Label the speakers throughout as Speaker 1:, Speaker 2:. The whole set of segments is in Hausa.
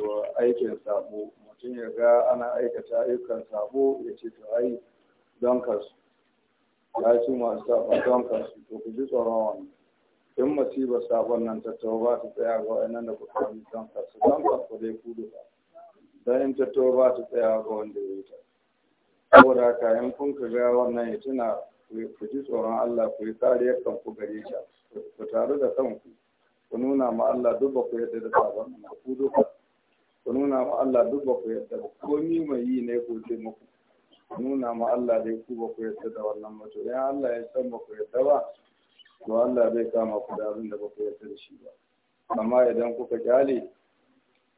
Speaker 1: wato aikin sabo mutum ya ga ana aikata ayyukan sabo ya ce to ai don kasu ya ci masu sabon don kasu to ku ji tsoron wani in masiba sabon nan ta ba ta tsaya ga nan da ku yi don kasu don kasu dai ku duka don in ta ba ta tsaya ga wanda ya yi ta saboda haka in kun ka ga wannan ya tuna ku ji tsoron Allah ku yi kariyar kanku gare ta ku tare da kanku ku nuna ma Allah duk ba ku yadda da sabon ku duka ku nuna ma Allah duk ba ku yarda ba komi mai yi ne ku ce muku ku nuna ma Allah dai ku ba ku yarda da wannan mutum ya Allah ya san ba ku yarda ba to Allah zai kama ku da abin da ba ku yarda da shi ba amma idan kuka kyale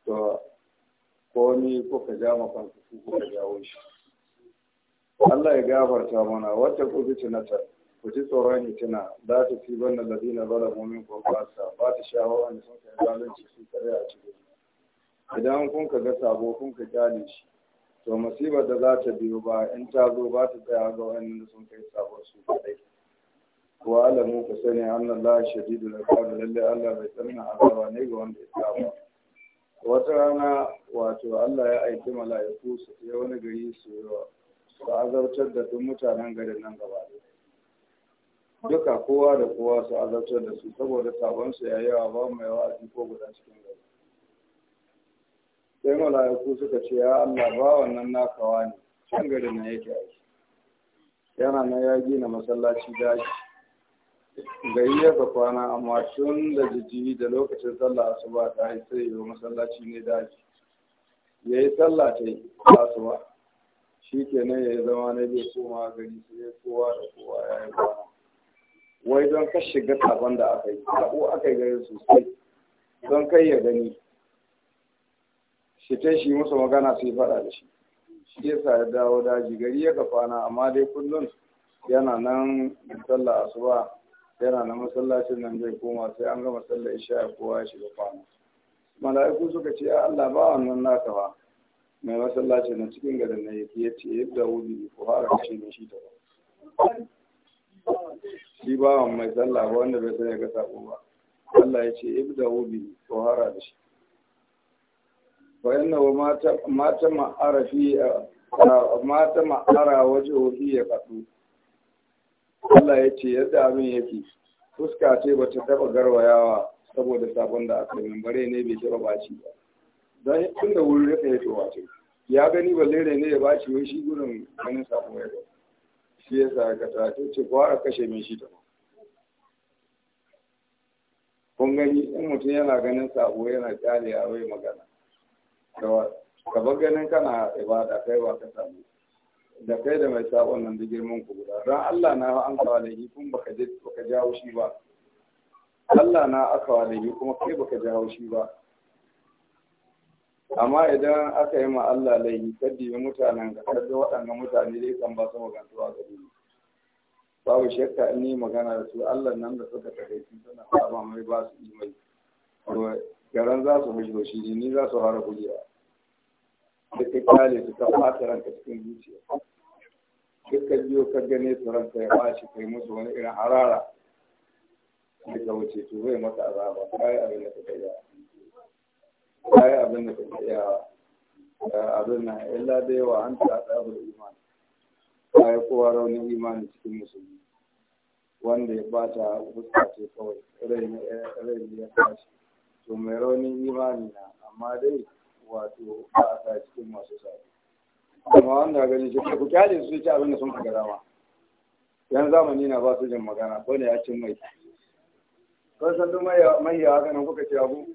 Speaker 1: to komi kuka ja kanku ku kuka jawo shi Allah ya gafarta mana wata ku bi tunatar ku ji tsoron tuna za ta fi ban da ladina zalamu minkum ba ta shawo wanda sun kai zalunci su kare a cikin idan kun ka ga sabo kun ka kyale shi to masiba da za ta biyo ba in ta zo ba ta tsaya ga wa'annan da sun kai sabon su kadai wa alamu ka sani annan la shadidu da kawo lalle Allah bai tsanna azaba ne ga wanda ya saba wata rana wato Allah ya aiki mala'iku su ya wani gari su wa su azabtar da duk mutanen garin nan gaba duka kowa da kowa su azabtar da su saboda sabon su yayi yawa ba mai wa'azi ko guda cikin gari sai mala'iku suka ce ya Allah ba wannan nakawa ne can gari na yake aiki yana na ya gina masallaci da gari ya ga kwana amma tun da jijjiri da lokacin sallah asuba ta yi sai masallaci ne daji ya yi sallah ta yi asuba shi kenan ya yi zama na bai koma gari sai ya kowa da kowa ya yi kwana wai don ka shiga taban da aka yi ko aka yi gari sosai don kai ya gani shi ta shi musu magana sai faɗa da shi shi yasa ya dawo daji gari ya na, amma dai kullum yana nan sallah asuba yana nan masallacin nan zai koma sai an gama sallah isha ya kowa ya shiga kwana mala'iku suka ce ya Allah ba wannan naka ba mai masallacin nan cikin garin na yake ya ce yadda wuri ko har ka ce shi ta ba shi bawan mai sallah ba wanda bai san ya ga sako ba Allah ya ce ibda wubi ko hara da shi فإنه ما تمعر فيه ما تمعر وجهه فيه قطو Allah ya ce yadda abin yake fuska ce ba ta taɓa garwayawa saboda sabon da aka yi bare ne bai taɓa baci ba don tun da wuri rika ya towa ce ya gani ba lere ne ya baci wai shi gurin ganin sabon ya shi ya sa ka ta ce ko kashe min shi ta ba kun gani in mutum yana ganin sabo yana kyale a wai magana ka ganin kana ibada kai ba ka samu da kai da mai sabon nan da girman ku guda don Allah na an kawo laifi kun baka je baka jawo shi ba Allah na aka kawo laifi kuma kai baka jawo shi ba amma idan aka yi ma Allah laifi kaddi bi mutanen ka kaddi waɗannan mutane dai kan ba su magantuwa ga ni babu shakka in yi magana da su Allah nan da suka tafi sun tana ba mai ba su mai garan za su mishi shi ni za su fara gujewa da ka kyale su ka fata ranka cikin zuciya dukkan biyo ka gane su ranka ya bashi kai musu wani irin harara da ka wuce to zai masa azaba kayi abin da ka kaiya kayi abin da ka iya abin na illa da yawa an ta da imani kayi kowa raunin imani cikin musulmi wanda ya bata fuska ce kawai rai ya kashi to mai raunin imani na amma dai wato ba a sa cikin masu sabo amma wanda gani shi ku kyale su ci abin da sun kaga dama yan zamani na ba su jin magana ko ne ya cin mai kun san duk mai yawa haka nan kuka ce abu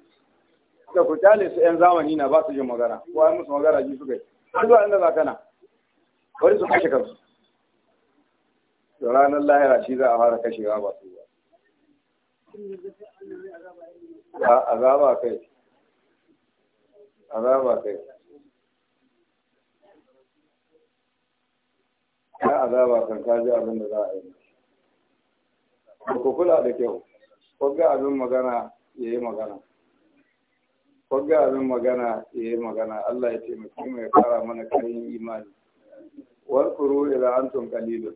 Speaker 1: da ku kyale su yan zamani na ba su jin magana ko ai musu magana ji suka yi duk inda za kana bari su kashe kansu da ranar lahira shi za a fara kashewa ba su ba azaba kai azaba kai ya azaba kan ji abin da za a yi ku kula da kyau kwagga abin magana ya yi magana kwagga abin magana ya yi magana Allah ya taimaki mu ya kara mana karin imani warkuru ila antum qalilun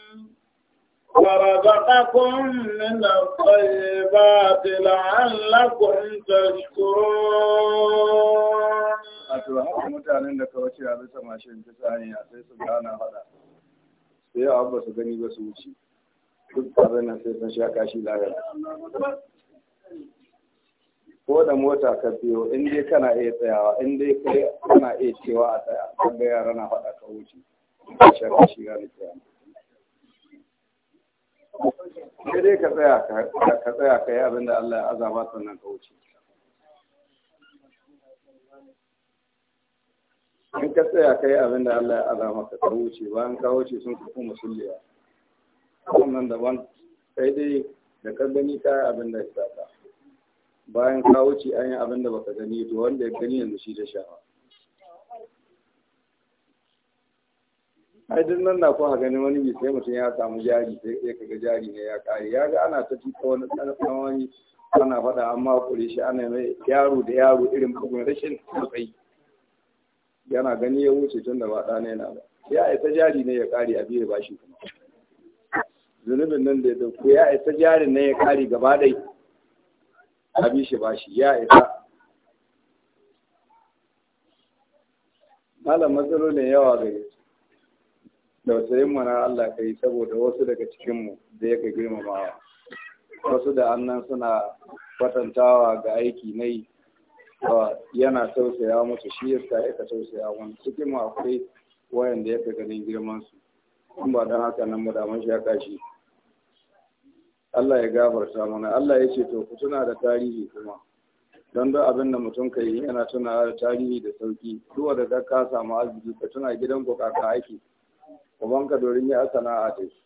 Speaker 2: ورزقكم من الطيبات لعلكم تشكرون wato
Speaker 1: haka mutanen da ka wuce a bisa mashin sai a ba su gani ba su wuce duk abin nan sai sun sha kashi lahira ko da mota ka biyo in dai kana iya tsayawa in kai kana iya cewa a tsaya yara na faɗa ka wuce sun sha kashi lahira sai dai ka tsaya ka tsaya ka yi abin da Allah ya azaba sannan ka wuce in ka tsaya ka yi abin da Allah ya azaba ka wuce bayan ka wuce sun ka kuma sulliya wannan daban sai dai da ka gani ka yi abin da ya saka bayan ka wuce an yi abin da baka gani to wanda ya gani yanzu shi da shawa ai duk nan na ko ha gani wani bi sai mutum ya samu jari sai ya kaga jari ne ya kare ya ga ana ta cika wani tsarfan wani ana faɗa amma kure shi ana mai yaro da yaro irin bugun rashin tsayi yana gani ya wuce tun da ba ɗa ne na ba ya aita jari ne ya kare a biye bashi kuma zunubin nan da ya dauko ya aita jari ne ya kare gaba ɗai a bi shi bashi ya aita malam matsalolin yawa gari. tausayin mu na Allah ka yi saboda wasu daga cikinmu da ya ka girmamawa wasu da annan suna kwatantawa ga aiki na yi yana tausaya musu shi sa ya ka tausaya wani cikinmu akwai wayanda ya ka ganin girmansu kun ba don haka nan mu da mun sha kashi Allah ya gafarta mana Allah ya ce to ku tuna da tarihi kuma don duk abin da mutum ka yi yana tuna da tarihi da sauki duk da ka samu arziki ka tuna gidan ku kaka aiki ubanka domin ya sana'a ta shi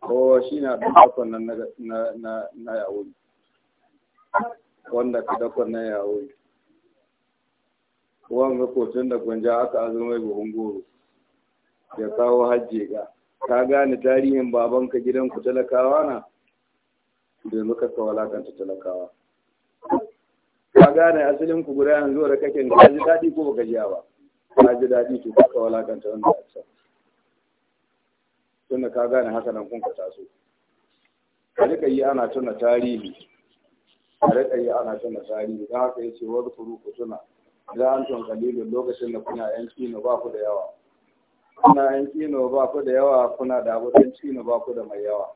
Speaker 1: ko shi na ɗan dakon nan na yawon wanda ka dakon na yawon wanga kotun da gwanja aka azumai buhun goro ya kawo hajji ga ka gane tarihin babanka gidanku talakawa na muka ka walakanta talakawa ka gane asalin ku guda yanzu da kake ka ji daɗi ko baka ji ba ka ji daɗi to ka walakanta wanda a can tunda ka gane haka nan kun ka taso a rika yi ana tuna tarihi a rika yi ana tuna tarihi don haka ce wani kuru ku tuna za an tun kalilun lokacin da kuna yan kino ba ku da yawa kuna yan kino ba ku da yawa kuna da abokan kino ba ku da mai yawa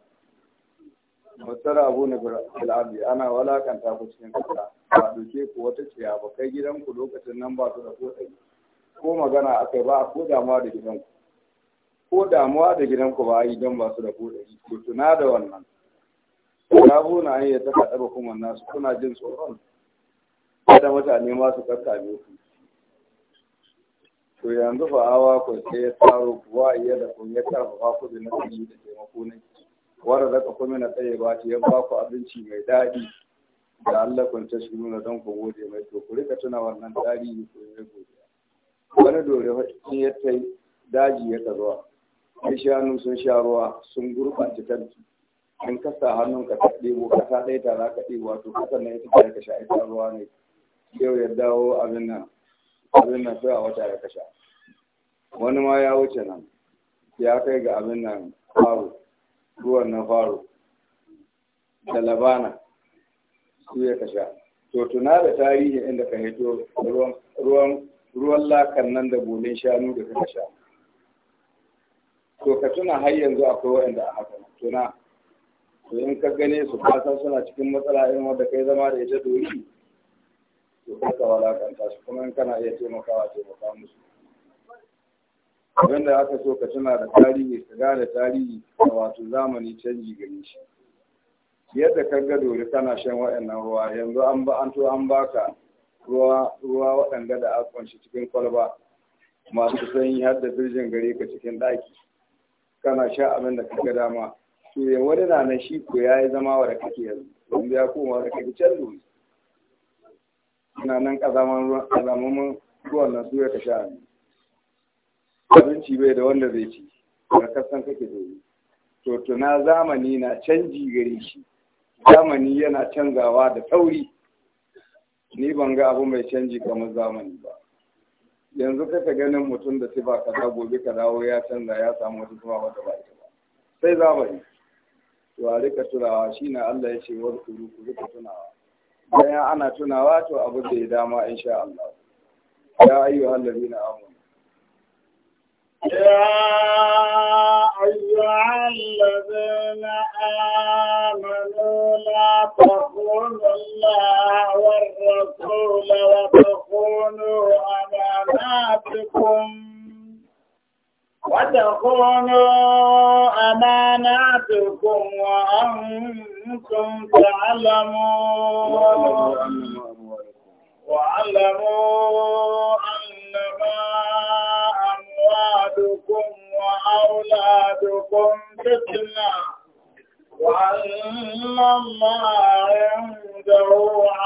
Speaker 1: Masara abu na bilabi ana walakanta ku cikin kasa ba doke ku wata ciyawa ba kai gidanku lokacin nan ba su da ko ko magana akai ba a ko damuwa da gidanku ko damuwa da gidanku ba yi don masu da kodari ku tuna da wannan ya buna an yi ta kaɗa ba kuma nasu kuna jin tsoron da mutane masu ƙasa ne ku to yanzu fa awa ku sai ya tsaro kuwa iya da kun ya ba ku da na da taimako ne wanda ka kuma na tsaye ba ta ba ku abinci mai daɗi da Allah kun ta shi nuna don ku gode mai to ku rika tuna wannan tarihi ku yi wani dore in ya tai daji ya ka zuwa sai shanu sun sha ruwa sun gurɓace tarki An kasa hannun ka ɗebo kasa ɗaya ta za ka ɗebo wato kasa na ita ta ka sha ita ruwa ne yau ya dawo abin nan abin nan sai a wata ya kasha wani ma ya wuce nan ya kai ga abin nan faro ruwan na faro da labana su ya kasha to tuna da tarihi inda ka hito ruwan ruwan lakan nan da bolin shanu da ka kasha to ka tuna har yanzu akwai waɗanda a haka tuna to in ka gane su kasan suna cikin matsala irin wanda kai zama da ita dori to ka ka walakanta su kuma in kana iya taimakawa taimaka musu Wanda aka so ka tuna da tarihi ka gane tarihi da wato zamani canji gare shi yadda ka ga dori kana shan waɗannan ruwa yanzu an ba an to an baka ruwa ruwa waɗanda da a kunshi cikin kwalba masu sanyi har da birjin gare ka cikin ɗaki kana sha abin da kaga dama to ya wani na na shi ko ya yi zama wa da kake yanzu don ya koma da kake can dole ina nan kazaman ruwan kazaman ruwan nan su ya ka sha abin abinci bai da wanda zai ci da kasan kake dole to tuna zamani na canji gare shi zamani yana canzawa da tauri ni ban ga abu mai canji kamar zamani ba yanzu kaka ganin mutum da ba kaza gobe ka dawo ya canza ya samu wata zuwa wata ba ita ba sai za yi to a rika tunawa shine Allah ya ce wa kuru ku tunawa bayan ana tunawa to abu da ya dama sha Allah ya amu ya ayyu يا
Speaker 2: na amu آمنوا لا تخونوا الله والرسول وتخونوا أماناتكم وتخونوا أماناتكم وأنتم تعلمون واعلموا أنما أموالكم وأولادكم فتنة وأن الله عنده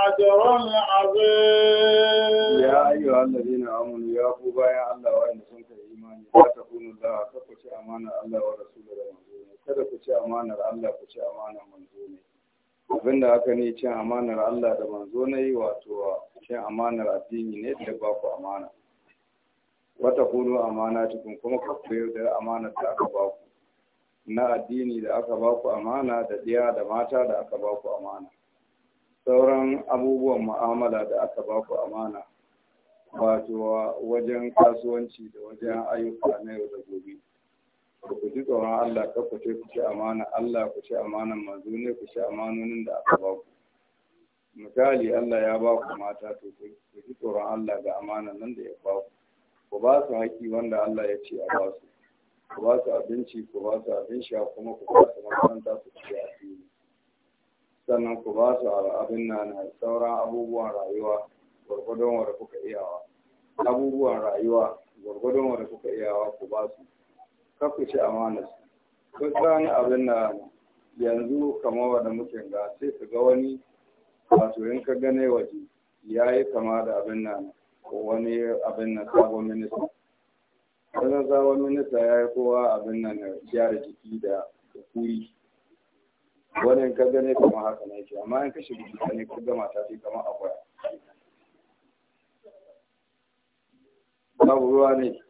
Speaker 2: أجر عظيم يا
Speaker 1: أيها الذين آمنوا يا أبوبا يا الله وإن سنك إيماني لا تكونوا الله كفش الله ورسوله kada ku ci amanar Allah ku ci amanar manzo ne abinda haka ne cin amanar Allah da manzo yi wato cin amanar addini ne da ba ku amana wata kunu amana tukun kuma ku koyar da amanar da aka ba ku na addini da aka ba ku amana da ɗiya da mata da aka ba ku amana sauran abubuwan mu'amala da aka ba ku amana wato wajen kasuwanci da wajen ayyuka na yau da gobe ku ji tsoron Allah ka ku ku ci amana Allah ku ci amanan manzo ne ku ci amanonin da aka ba ku misali Allah ya ba ku mata to ku ji tsoron Allah ga amanan nan da ya ba ku ku ba su haƙi wanda Allah ya ce a ba su ku ba su abinci ku ba su abin sha kuma ku ba su makaranta su ci addini sannan ku ba su abin na na sauran abubuwan rayuwa gwargwadon wanda kuka iyawa abubuwan rayuwa gwargwadon wanda kuka iyawa ku ba su kar ku ci amanar su ko san abin na yanzu kamar wanda muke ga sai ka ga wani wato in ka gane waje ya yi kama da abin na wani abin na sabon minista wajen sabon minista ya yi kowa abin nan gyara jiki da kuri wannan ka gane kama haka na yake amma in ka shiga jiki ne ka gama ta fi kamar akwai babu ruwa ne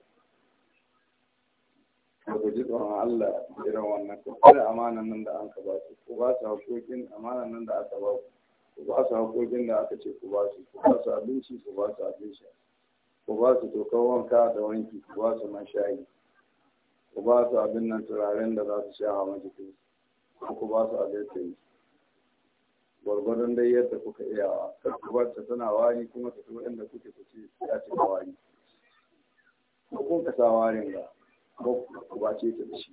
Speaker 1: da ku ji tsoron Allah irin wannan kuma kare amanan nan da an ka ba su ku ba su haƙoƙin amanan nan da aka ba ku ku ba su haƙoƙin da aka ce ku ba su ku ba su abinci ku ba su abin ku ba su tokar wanka da wanki ku ba su man shayi ku ba su abin nan turaren da za su sha a majikin ko ku ba su abin tsayi gwargwadon dai yadda kuka iya karkubar ta tana wari kuma ta tuba inda kuke ku ce ya cika wari ko kun sa warin ga ko ku ba ce ta da shi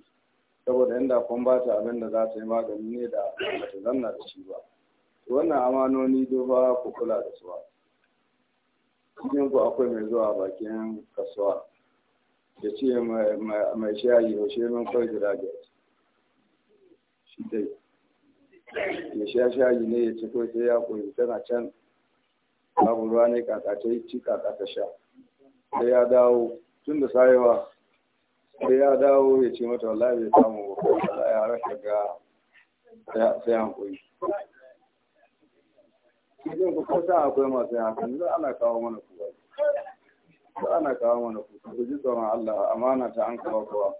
Speaker 1: saboda inda kun ba ta abin da za ta yi magani ne da ba ta zanna da shi ba wannan amanoni dofa ku kula da su ba cikin ku akwai mai zuwa bakin kasuwa ya ce mai shayi yaushe min kawai gida da shi dai ya sha shayi ne ya ci ko sai ya koyi tana can babu ruwa ne kaka ta yi ci kaka sha sai ya dawo tun da sayewa sai ya dawo ya ce mata wallahi bai samu ba ya rasa ga sai an koyi cikin ku kusa akwai masu yankan za ana kawo mana ku da ana kawo mana ku ji tsoron Allah amana ta an kawo kawa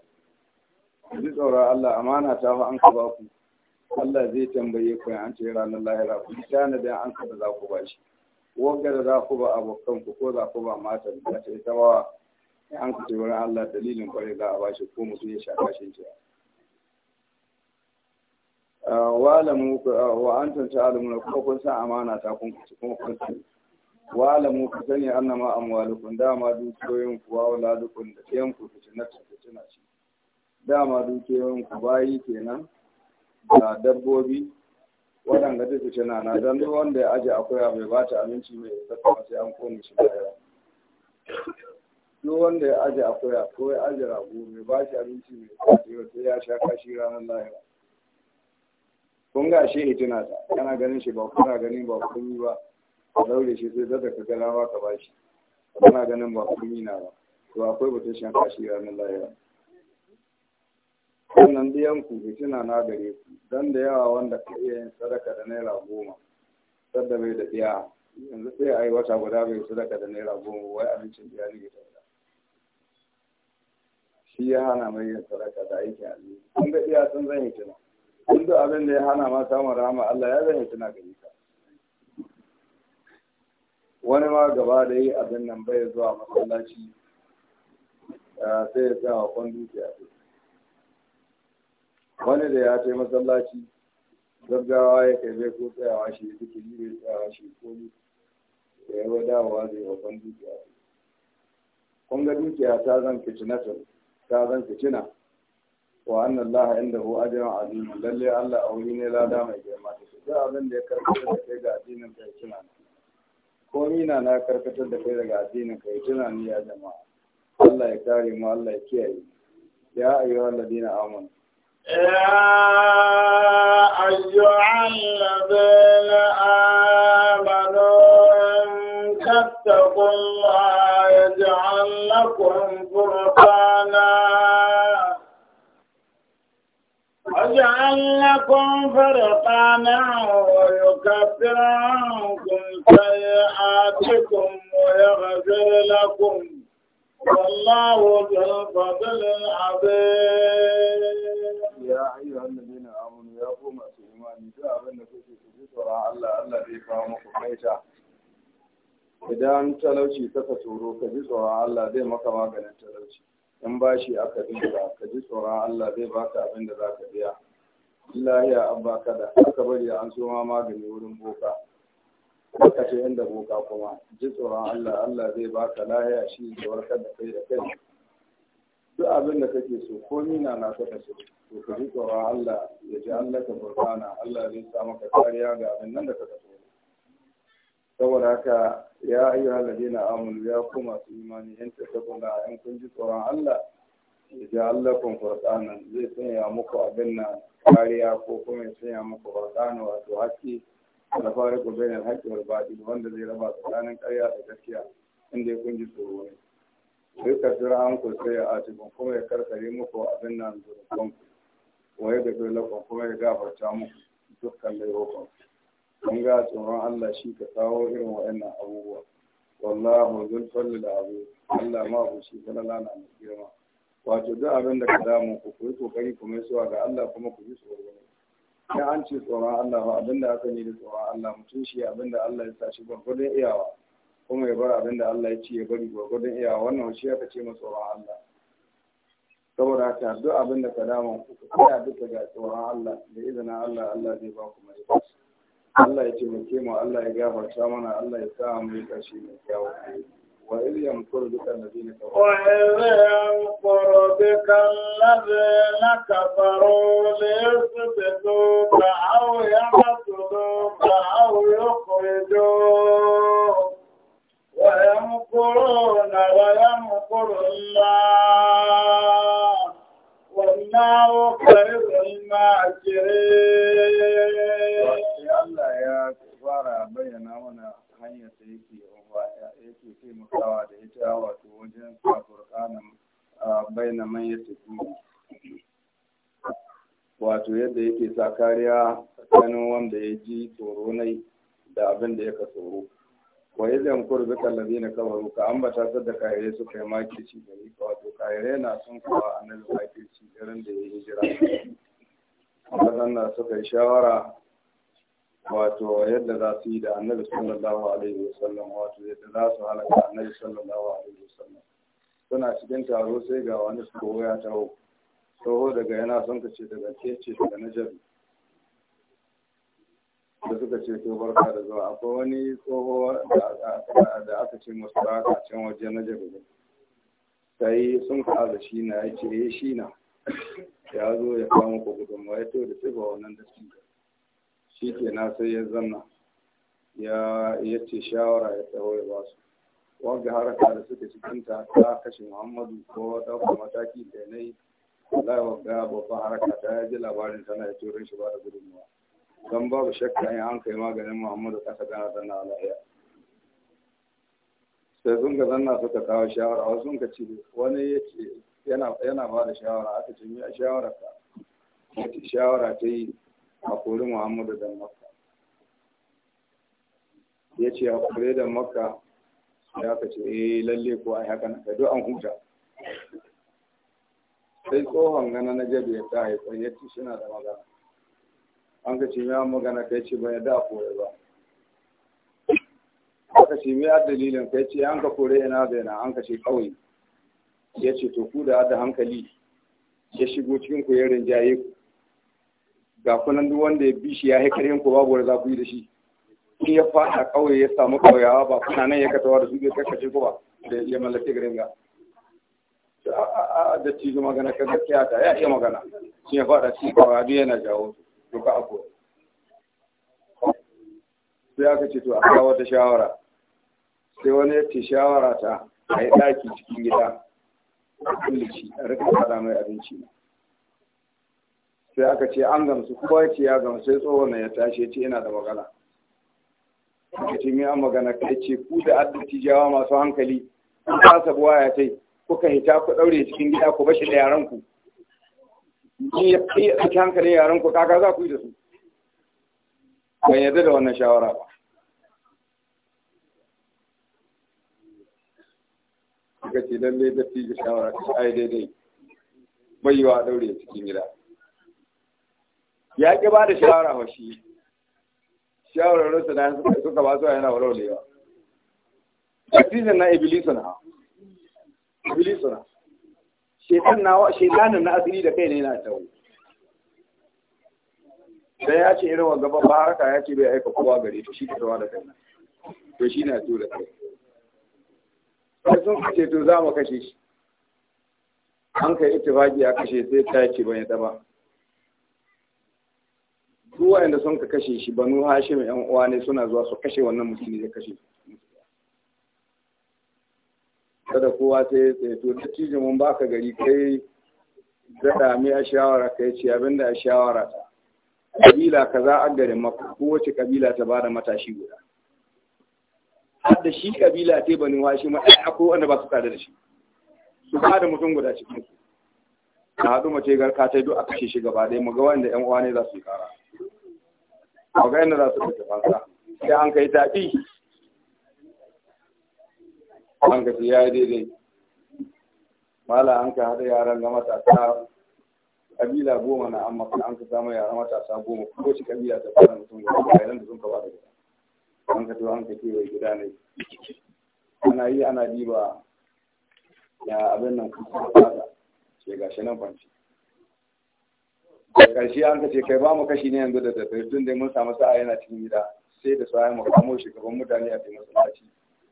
Speaker 1: ku ji tsoron Allah amana ta ba an kawo ku Allah zai tambaye ku an ce ranar lahira ku tana da an kawo za ku ba shi wanda da za ku ba abokan ku ko za ku ba matan da ta ta ba an ku ce wurin Allah dalilin kwarai za a bashi ko mutum ya shafa shi ce ah, wa alamu ah, wa antum ta'lamuna kuma kun san amana ta kun kuma kun wa alamu ku sani annama amwalukum dama dukiyoyin ku wa auladukum da ɗayan ku fitina fitina ce dama dukiyoyin ku bayi kenan da dabbobi waɗanda duk fitina na dan duk wanda ya aje akwai abu ba ta aminci mai zaka sai an kone shi baya duk wanda ya aje akwai ya aje rago mai ba shi aminci mai zaka sai ya sha kashi ranar lahira kun ga shi hitina ta kana ganin shi ba kuna ganin ba kun yi ba ka daure shi sai zaka ka rawa ka bashi kana ganin ba kurmi na ba to akwai batun shan kashi ranar lahira wannan biyan ku fitina na gare ku dan da yawa wanda ka iya yin sadaka da naira goma sadda bai da biya yanzu sai a yi wata guda bai sadaka da naira goma wai abincin biya ne ta shi ya hana mai yin sadaka da aikin alheri kun ga iya sun zan yi tuna kun duk abin da ya hana ma samun rahama Allah ya zan yi tuna gare ka wani ma gaba da yi abin nan bai zuwa masallaci sai ya tsaya kwan dukiya
Speaker 2: wani da ya ce
Speaker 1: masallaci gaggawa ya kai zai ko tsayawa shi ya suke yi bai tsayawa shi ko da ya dawowa zai wa kwan dukiya kun ga dukiya ta zan fitinatin ta zan fitina wa annan laha inda hu ajiyar azimu lalle allah a wuri ne lada mai girma ta shi abin da ya karfi da kai ga addinin kai kina ne Komina na karkatar da kai daga addinin kai tunani ya jama'a Allah ya kare mu Allah ya kiyaye ya ayyuhal ladina amanu
Speaker 2: يا أيها الذين آمنوا إن تتقوا الله يجعل وجعل لكم فرقانا ويكفر عنكم سيئاتكم ويغفر لكم والله ذو الفضل العظيم يا
Speaker 1: أيها الذين آمنوا يا قوم إيماني جاء بأنك في سورة الله الذي قامك بيتا idan talauci ka ka tsoro ka ji tsoron Allah zai maka maganin talauci in ba shi aka dinga ka ji tsoron Allah zai baka abin da zaka biya ya an ka da aka bari an so ma magani wurin boka ka ce inda boka kuma ji tsoron Allah Allah zai baka lahiya shi da warkar da kai da kai duk abin da kake so ko nina na ka so to ka ji tsoron Allah ya ji Allah ka burkana Allah zai sa maka kariya ga abin nan da ka so saboda haka ya ayyuha na amanu ya ku masu imani in da in kun ji tsoron Allah ya allakum furqanan zai sanya muku abin na kariya ko kuma ya sanya muku furqana wato haƙƙi da fariqu bainal haqqi wal batil wanda zai raba tsakanin ƙarya da gaskiya inda kun ji tsoro ne sai ka jira an ku sai a cikin kuma ya karkare muku abin nan zurfin ku waye da dole kuma ya gafarta muku dukkan laifukan an ga tsoron Allah shi ka kawo irin wa'annan abubuwa wallahu zul da abu Allah ma ku shi kana lana mai girma wato duk abin da ka damu ku ku yi kokari ku mai suwa ga Allah kuma ku yi tsoro idan an ce tsoron Allah ba abin da aka yi da tsoron Allah mutum shi abin da Allah ya sa shi gwargwadon iyawa kuma ya bar abin da Allah ya ce ya bari gwargwadon iyawa wannan shi aka ce masa tsoron Allah saboda haka duk abin da ka damu ku ku tsaya duka ga tsoron Allah da izinin Allah Allah zai ba ku mai Allah ya taimake mu Allah ya gafarta mana Allah ya sa mu yi kashi mai kyau wa iz yamkuru bika alladhina kafaru wa
Speaker 2: iz yamkuru bika alladhina kafaru li yuthbituka aw yaqtuluka aw yukhrijuka ويمكرون ويمكر الله والله خير الماكرين
Speaker 1: Allah ya fara bayyana mana hanyar da yake yake taimakawa da ita wato wajen sa Qur'anin bayyana manyan tafiya. Wato yadda yake sa kariya tsakanin wanda ya ji tsoro nai da abin da yaka tsoro. Wa idan kur zaka lazi na kawaru ka ambata ta da su suka yi makirci ci gari? wato kayare na sun kawa annabi ci garin da ya yi hijira. Waɗannan suka yi shawara wato yadda za su yi da annabi sallallahu alaihi wasallam wato yadda za su halaka annabi sallallahu alaihi wasallam suna cikin taro sai ga wani tsoho ya taho tsoho daga yana son ka ce daga ke ce daga najar da suka ce to barka da zuwa akwai wani tsoho da aka ce masu raka can waje na jabi ne yi sun da shi na ya ce eh, shi na ya zo ya kama kogudun wa ya to da ba wannan da shi na sai ya zanna ya ya ce shawara ya tsawo ya ba su wanda haraka da suka cikin ta ta kashe muhammadu ko ɗaukar mataki da ya yi wallahi ga babban haraka ta ya ji labarin tana ya turin shi ba da gudunmuwa don babu shakka in an kai maganin muhammadu ƙasa gana zanna ala'iya sai sun ga zanna suka kawo shawara wasu sun ka ce wani ya ce yana ba da shawara aka ce a shawara ka ya ce shawara ta yi a muhammadu da makka ya ce a da makka Ya aka ce eh lalle ko ai haka na duk an huta sai tsohon gana na jabi ya ta haifar ya ce suna da magana an ka ce ya magana kai ce ba ya da kore ba aka ce mai dalilin kai ce an ka kore yana zaina an ka ce kawai ya ce to ku da da hankali ya shigo cikin ku ya rinjaye ku ga kunan duk wanda ya bi shi ya haikar yanku babu wanda za ku yi da shi in ya fada kauye ya samu kauyawa ba kuna nan ya katawa da su zai kakkace ku ba da ya mallake garin ga da ci magana ka gaskiya ta ya iya magana shi ya fada ci kawai duk yana jawo duka abu sai aka ce to a kawo wata shawara sai wani ya ce shawara ta a yi ɗaki cikin gida a kulle a rika fada mai abinci sai aka ce an gamsu kuma ya ce ya gamsu sai tsohon na ya tashi ya ce ina da magana aka ce mai an magana ka ce ku da adalci jawa masu hankali ku kasa buwa ya ku kuka hita ku daure cikin gida ku bashi da yaran ku
Speaker 2: ni ya yi a cikin
Speaker 1: hankalin yaran ku kaka za ku yi da su ban yarda da wannan shawara ba aka ce lallai dattijo shawara ta ai daidai bai yi wa daure cikin gida ya ƙi ba da shawara wa shi shawarar su na suka ba su yana warwarewa oxygen na iblisu na iblisu na shekan na shetanin na asiri da kai ne na tawo sai ya ce irin wanda ba haraka ya ce bai aika kowa gare to shi fitowa da kai to shi na tura kai sai sun ce to za mu kashe shi an kai ittifaki a kashe sai ta ce ban ya taba su inda sun ka kashe shi banu hashim yan uwa ne suna zuwa su kashe wannan musulmi da kashe kada kowa sai ya tsaye to dattijo mun baka gari kai daɗa dami a shawara kai ce abin da a shawara ta kabila kaza a garin maka kowace kabila ta bada matashi guda har da shi kabila ta banu hashim ai akwai wanda ba su kada da shi su bada mutum guda cikin su ka haɗu mace garka ta duk a kashe shi gaba ɗaya mu ga wanda ƴan uwa ne za su yi kara mu ga yadda za su ɗauki fansa sai an kai taɓi an ka ya yi daidai mala an ka haɗa yaran ga matasa kabila goma na amma kuma an ka samu yaran matasa goma ko shi kabila ta fara mutum ga yaran da sun ka ba da gida an ka to an ka kewaye gida ne ana yi ana diba ya abin nan kuma sai eh, shi nan kwanci an ka ce kai ba mu kashi ne yanzu da daddare tun da mun samu sa'a yana cikin gida sai da sa'a mu kamo gaban mutane a cikin masallaci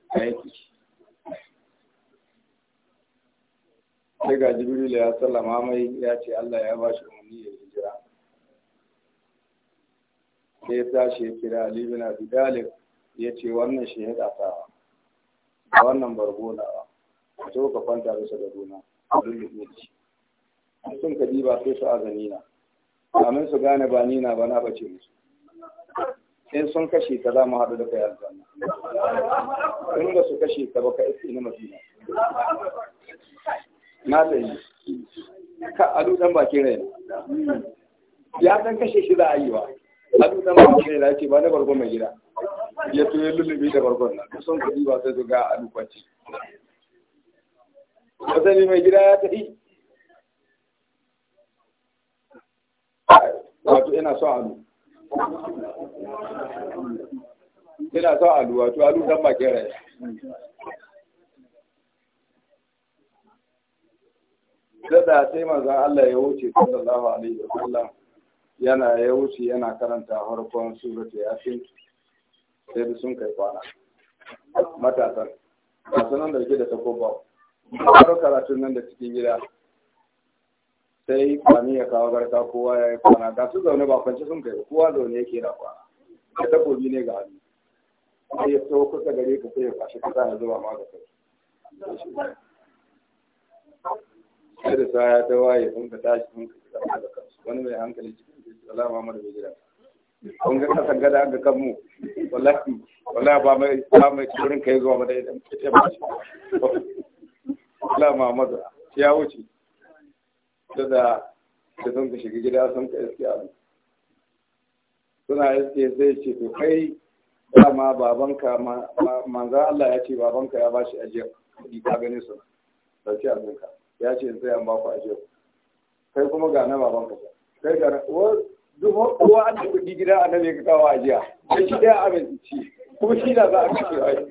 Speaker 1: a yanki sai ga jibril ya sallama mai ya ce allah ya ba shi umarni ya hijira sai ya tashi ya kira ali bin abi dalib ya ce wannan shi ya tsatawa wannan bargo Ka to ka kwanta bisa da gona a lullube shi sun ka diba sai su azani na kamin su gane ba ni na ba na bace musu in sun kashe ta za mu haɗu da kai aljanna in ba su kashe ka ba ka isi na madina na tsaye ka alu dan bakin rai ya san kashe shi za a yi wa alu dan bakin rai ce ba na bargon mai gida ya to lullubi da bargon nan sun ka diba sai su ga alu kwanci. ne mai gida ya tafi wato ina so alu ina so alu wato alu dan makera Dada sai manzan Allah ya wuce sallallahu alaihi wa sallam yana ya wuce yana karanta harkon surata yasin sai da sun kai kwana matasan ba da ke da takobawa har karatun nan da cikin gida sai kwami ya kawo garka kowa ya yi kwana ga su zaune ba kwanci sun kai kowa zaune yake da kwana da takobi ne ga hannu sai ya tsawo kusa gare ka sai ya kwashe sa na zuba ma ga kai sai da sa ya ta waye sun ka tashi sun ka kasa da kansu wani mai hankali cikin da su alama mara bai gida kun ga kasan gada ga kan mu wallahi wallahi ba mai ba mai kai zuwa ba da idan ba shi ma maza ya wuce ta da da sun ka shiga gida san ka iske abu suna iske zai ce to kai dama babanka manza Allah ya ce babanka ya bashi ajiyar kuɗi ka gani su sauki abinka ya ce in sai an baku ajiyar kai kuma ga na babanka kai ga duk kowa an da kuɗi gida a nan ka kawo ajiya kai shi ɗaya abinci kuma shi na za a kashe wai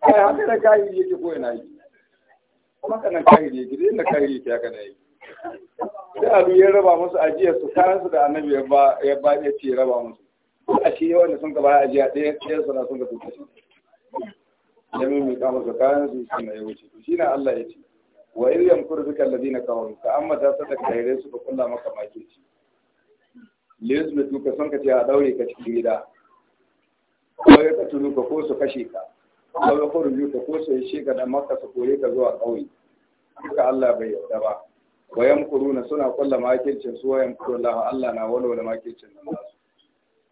Speaker 1: kai haka da kayi yake koyi yana yi kuma kanan kahiri yake duk inda kahiri yake haka yi sai abu ya raba musu ajiyar su kayan su da annabi ya ba ya ba ya ce raba musu a shi wanda sun gaba ba ajiya ɗaya ɗaya su na sun ka tuka shi ya mimi ka musu kayan su sun ya wuce shi na Allah ya ce wa in yamkur bika alladhina kafaru ka amma ta sada su ka kulla maka makirci liyus mai tuka sun ka ce a daure ka cikin gida ko ya ka tulu ka ko su kashe ka ko ga kurju ta ko sai shi ga da maka su kore ka zuwa kauye duka Allah bai yarda ba wayan kuruna suna kulla makircin su wayan kuruna Allah na da makircin nan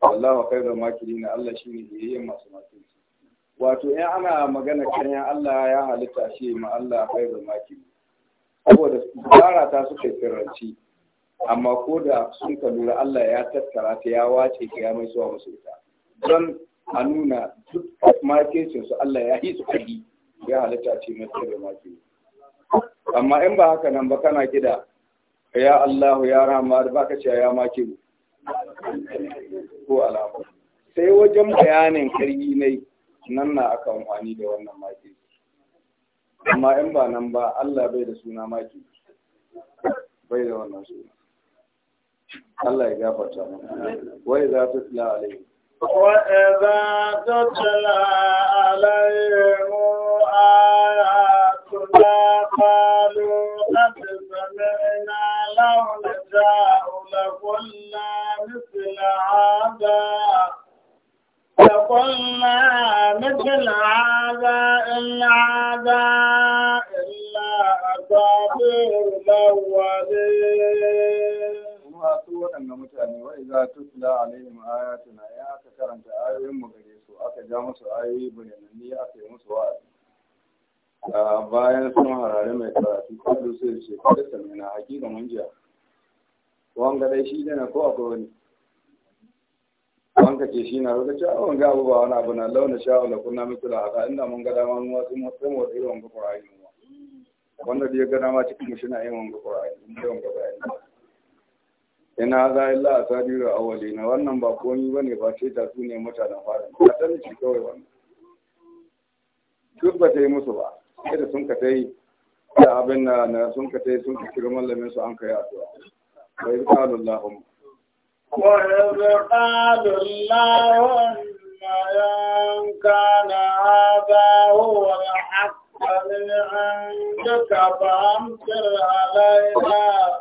Speaker 1: wallahu khairul makirin Allah shi ne yayi masu makirci wato in ana magana kanyan Allah ya halitta shi ma Allah khairul makirin saboda tsara ta suka firranci amma ko da sun ka lura Allah ya tattara ta ya wace ta ya mai zuwa musulta ita don a nuna duk makircin su Allah ya yi su ƙarfi ya halatta ce mai tsere makirci amma in ba haka nan ba kana gida ya Allahu ya rama da baka ce ya makirci ko alamu sai wajen bayanin ƙarfi ne nan na aka amfani da wannan makirci amma in ba nan ba Allah bai da suna maki bai da wannan suna Allah ya gafarta mana wai za ta tsila alaihi
Speaker 2: وإذا تتلى عليهم آياتنا قالوا قد سمعنا لو نشاء لقلنا مثل هذا لقلنا مثل هذا إن هذا إلا أساطير الأولين
Speaker 1: ha su waɗanda mutane wa iza tutla alaihim ayatuna ya aka karanta ayoyin mu gare su aka ja musu ayoyi bayananni aka yi musu wa'azi a bayan sun harare mai karatu kwallo sai ce kwallo na hakika mun jiya wanga dai shi ne ko akwai wani wanka ce shi na lokaci a ah, wanga abu ba wani abu na launa sha'ula kunna da haka inda mun ga dama mun wasu mutum wasu irin wanga ƙwararri wanda da ya ga dama cikin mashina shi na yin wanga ƙwararri wanga ina za illa a sadiru awali na wannan ba komi ba ne ba ce ta su ne mutanen fara ba ta ce kawai wannan duk ba ta yi musu ba yadda sun ka ta yi da abin na na sun ka ta yi sun ka kira mallamin su an kai addu'a bai bi kalu lahum
Speaker 2: wa yaqalu lahum ma yan kana hada huwa al-haqq min indaka fa amtir alayna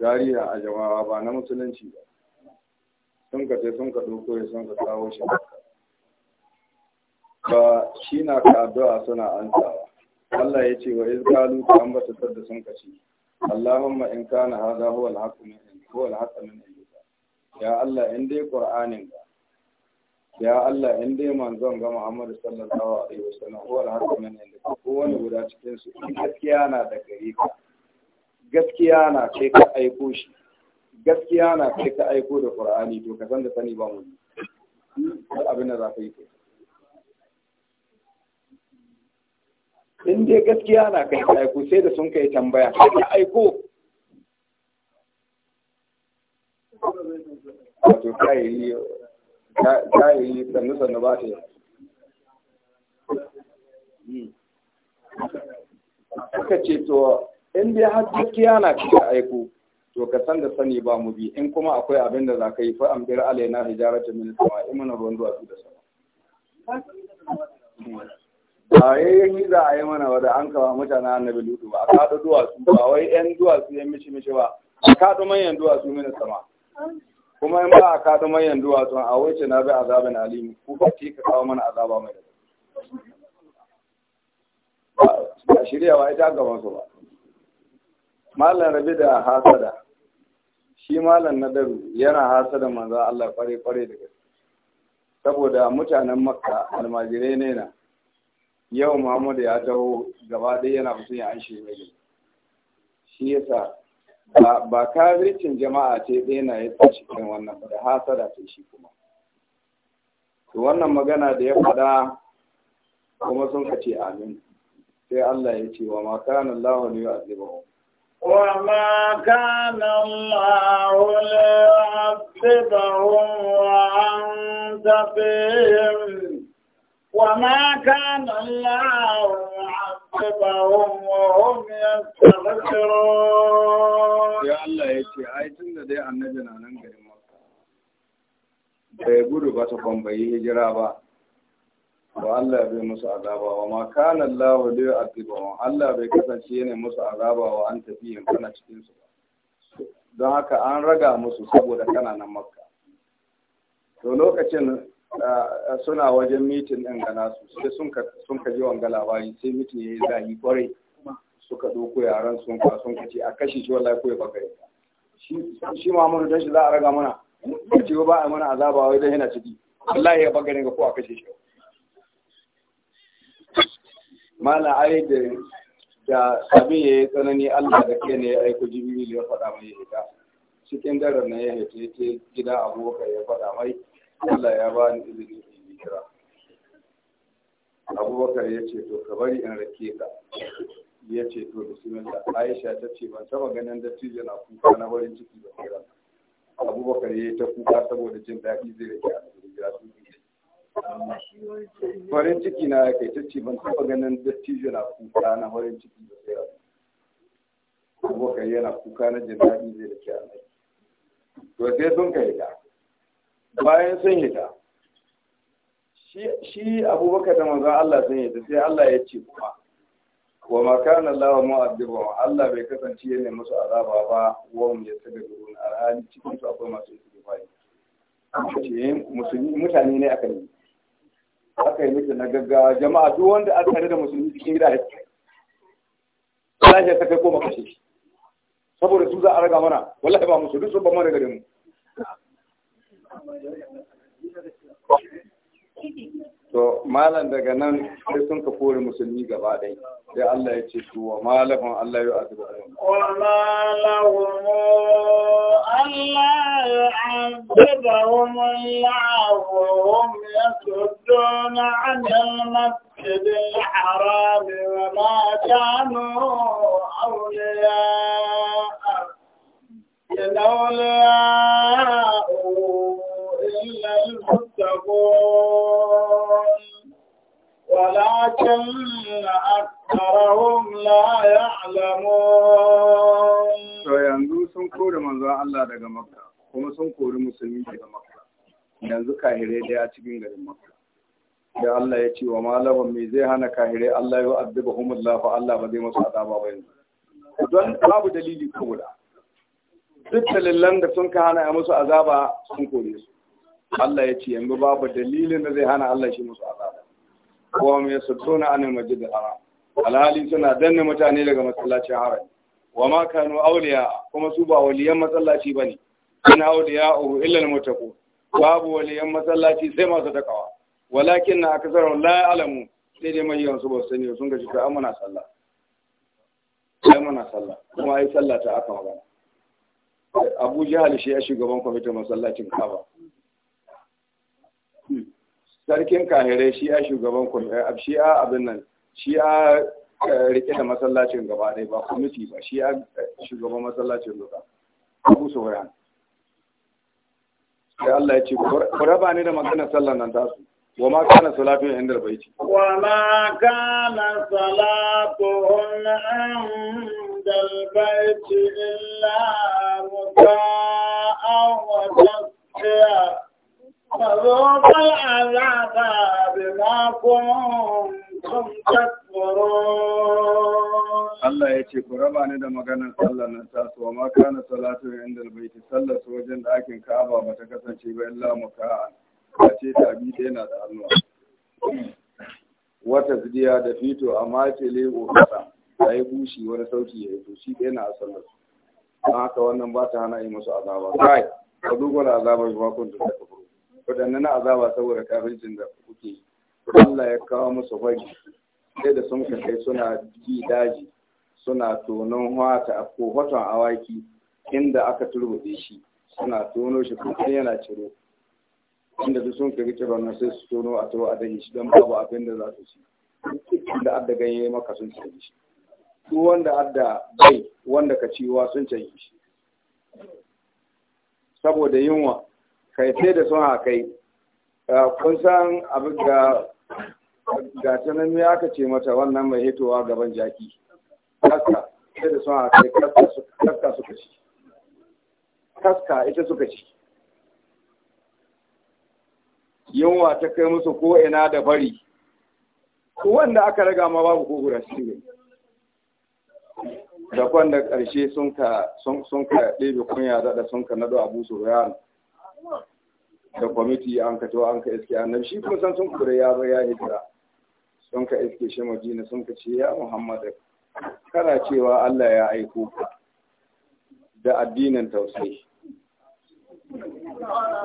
Speaker 1: jariya a jama'a ba na musulunci ba sun ka ce sun ka ɗauko ya sun ka kawo shi ba shi na ka addu'a suna ansawa Allah ya ce wa izkalu ka an tattar da sun ka ci Allahumma in kana hada huwa al huwa al ya Allah in dai Qur'anin ka. ya Allah in dai manzon ga Muhammad sallallahu alaihi wasallam huwa al-haqqu min ko wani guda cikin su gaskiya na da gare ka gaskiya na kai ka aiko shi gaskiya na kai ka aiko da qur'ani to ka san da sani ba mu abin da za ka yi in dai gaskiya na kai ka aiko sai da sun kai tambaya ka aiko wato kai yi kai yi sannu sannu ba ta yi Aka hmm. ce to in dai har gaskiya na kika aiko to ka san da sani ba mu bi in kuma akwai abin da za ka yi fa amdir alaina hijaratu min sama imana ruwan duwatsu da
Speaker 2: sama
Speaker 1: a yi za a yi mana wadda an kawo mutanen annabi lutu ba a kaɗo duwatsu ba wai yan duwatsu yan mishi mishi ba a kaɗo manyan duwatsu min sama kuma in ba a kaɗo manyan duwatsu a wace na bi azabin alimi ko ba ce ka kawo mana azaba mai da ba wa ita gaban su ba malam rabi da hasada shi malam nadaru yana hasada manzan Allah kware kware da gaske saboda mutanen makka almajirai ne na yau muhammadu ya taho gaba ɗaya yana mutum ya an shi mai shi yasa ba kafircin jama'a ce ɗaya na ya tashi kan wannan da hasada ce shi kuma to wannan magana da ya faɗa kuma sun kace amin sai Allah ya ce wa ma kana Allahu yu'azibuhum
Speaker 2: وما كان الله ليعذبهم وأنت فيهم وما كان الله معذبهم وهم يستغفرون
Speaker 1: يا الله يتي ai tunda dai annabi na nan garin Makka bai gudu ba ta bambayi hijira ba wa Allah bai musu azaba wa ma kana Allah azaba wa Allah bai kasance yana musu azaba wa an yin kana cikin su don haka an raga musu saboda kana nan Makka to lokacin suna wajen mitin ɗin ga nasu sai sun ka ji wanga labari sai mitin ya yi zahi kwarai suka ɗauko yaran sun ka sun ka ce a kashe shi wallahi ko ya baka shi Muhammadu dan shi za a raga mana ce ba a mana azaba wai dan yana ciki wallahi ya baka ne ga ko a kashe shi mala ai da da abin ya yi tsanani Allah da ke ne ya aiko jibiru ya faɗa mai hita cikin daren na ya hita ya gida aboka ya faɗa mai Allah ya ba ni izini in yi kira abubakar ya ce to ka bari in rake ka ya ce to da bismillah aisha ta ce ban taba ganin dattijo na kuka na farin ciki da kira abubakar ya yi ta kuka saboda jin daɗi zai rake a cikin gida su farin ciki na ya kai tacci ban taɓa ganin dattijo na kuka na farin ciki da sai abu abokan yana kuka na jin daɗi zai da ke mai to sai sun kai da bayan sun yi da shi abubakar da manzon Allah sun yi da sai Allah ya ce kuma wa ma kana Allah mu'adhibuhum Allah bai kasance ne musu azaba ba wa mu yastaghfirun alhali cikin su akwai masu istighfari ce mutane ne akan yi aka yi mutu na gaggawa jama'a duk wanda aka tare da musulmi cikin gida ya tsaye lafiya ta kai koma maka saboda su za a raga mana wallahi ba musu duk sun ban mana gare mu to malam daga nan sai sun ka kore musulmi gaba ɗaya sai Allah ya ce su wa malafin Allah ya azuba
Speaker 2: wa malahum Allah ya azuba wa malahum yasudduna anil masjid al-haram wa ma kanu awliya إن أولياء إلا المتقون ولكن أكثر أكثرهم لا alamu.
Speaker 1: to yanzu sun kore manzon Allah daga Makka kuma sun kori musulmi daga Makka yanzu kahirai daya cikin garin Makka da Allah ya ce wa malamin, me zai hana kahirai Allah ya addaba humullahu Allah ba zai masu azaba ba yanzu don babu dalili ko guda duk dalilan da sun ka hana musu azaba sun kore su Allah ya ce yanzu babu dalilin da zai hana Allah shi musu azaba wa me yasudduna anil masjidil haram alhali suna danne mutane daga masallacin harai. wa ma kanu awliya kuma su ba waliyan masallaci bane in awliya'uhu illa almuttaqun babu waliyan masallaci sai masu takawa walakin na akasaru la alamu sai dai mai yansu su ba sani sun gaji ta amana sallah sai mana sallah kuma ai sallah ta aka magana Abu Jahal shi ya shugaban kwamitin masallacin Kaaba hmm. sarkin Kahire shi ya shugaban kwamitin eh, shi ya abin nan shi ya rike da masallacin gaba ɗaya ba kwamiti ba shi ya eh, shugaban masallacin gaba abu sauran sai Allah ya ce ku raba ni da magana sallan nan su" wa ma kana salatu inda ci.
Speaker 2: wa ma kana salatu inda albayti illa muta'a zo kala فذوقوا العذاب بما كنتم
Speaker 1: تكفرون Allah ya ce, Ku raba ni da maganar sallar nan tasu, wa maka na salatu ya da baiti, sallar su wajen ɗakin ka'aba ba ta kasance ba illa muka'a, a ce ta bi ta yana da hannuwa. Wata fidiya da fito a mace lebo kasa, a yi bushi wani sauki ya yi to shi ɗaya na a sallar su. Don haka wannan ba ta hana yi musu azaba. Kai, ka duba da azabar ba kun da ta Waɗannan azaba saboda kafircin da kuke Allah ya kawo musu fari sai da sun kai suna ji daji suna tonon wata ko watan awaki inda aka turbuɗe shi suna tono shi kuma yana ciro inda su sun kai ciro na sai su tono a tawo a dahi shi don babu abin da za su ci inda adda ganye maka sun ci shi duk wanda adda bai wanda ka ciwa sun canji shi saboda yunwa kai sai da sun kai kun san abin da ga nan, me aka ce mata wannan mai hitowa gaban jaki kaska sai da sun a kai kaska suka ci kaska ita suka ci yunwa ta kai musu ko ina da bari wanda aka raga ma babu ko guda shi ne da kwanda ƙarshe sun ka ɗebe kunya zaɗa sun ka nado abu su da kwamiti an ka to an ka iske annabi shi kuma san sun kure ya ya jira. sun ka iske shi madina sun ka ce ya muhammad kana cewa allah ya aiko ka da addinin tausayi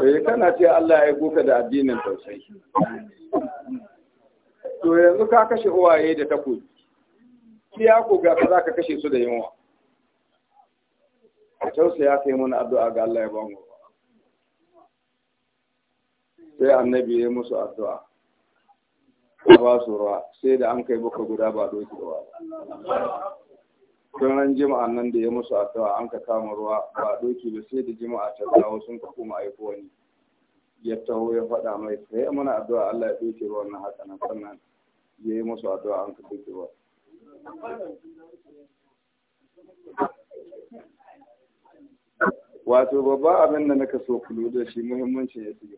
Speaker 1: eh kana ce allah ya aiko ka da addinin tausayi to yanzu ka kashe uwaye da takobi Ya ko ga za ka kashe su da yunwa a tausaya kai mana addu'a ga allah ya ba mu sai annabi ya musu addu'a a ba su ruwa sai da an kai baka guda ba doki
Speaker 2: ba
Speaker 1: ran jima'a nan da ya musu addu'a an ka kama ruwa ba doki ba sai da jima'a ta dawo sun ka kuma aiko wani ya taho ya faɗa mai sai mana addu'a Allah ya doke ruwan nan haka nan sannan ya yi musu addu'a an ka doke ruwa wato babba abin da naka so kulu da shi muhimmancin ya su yi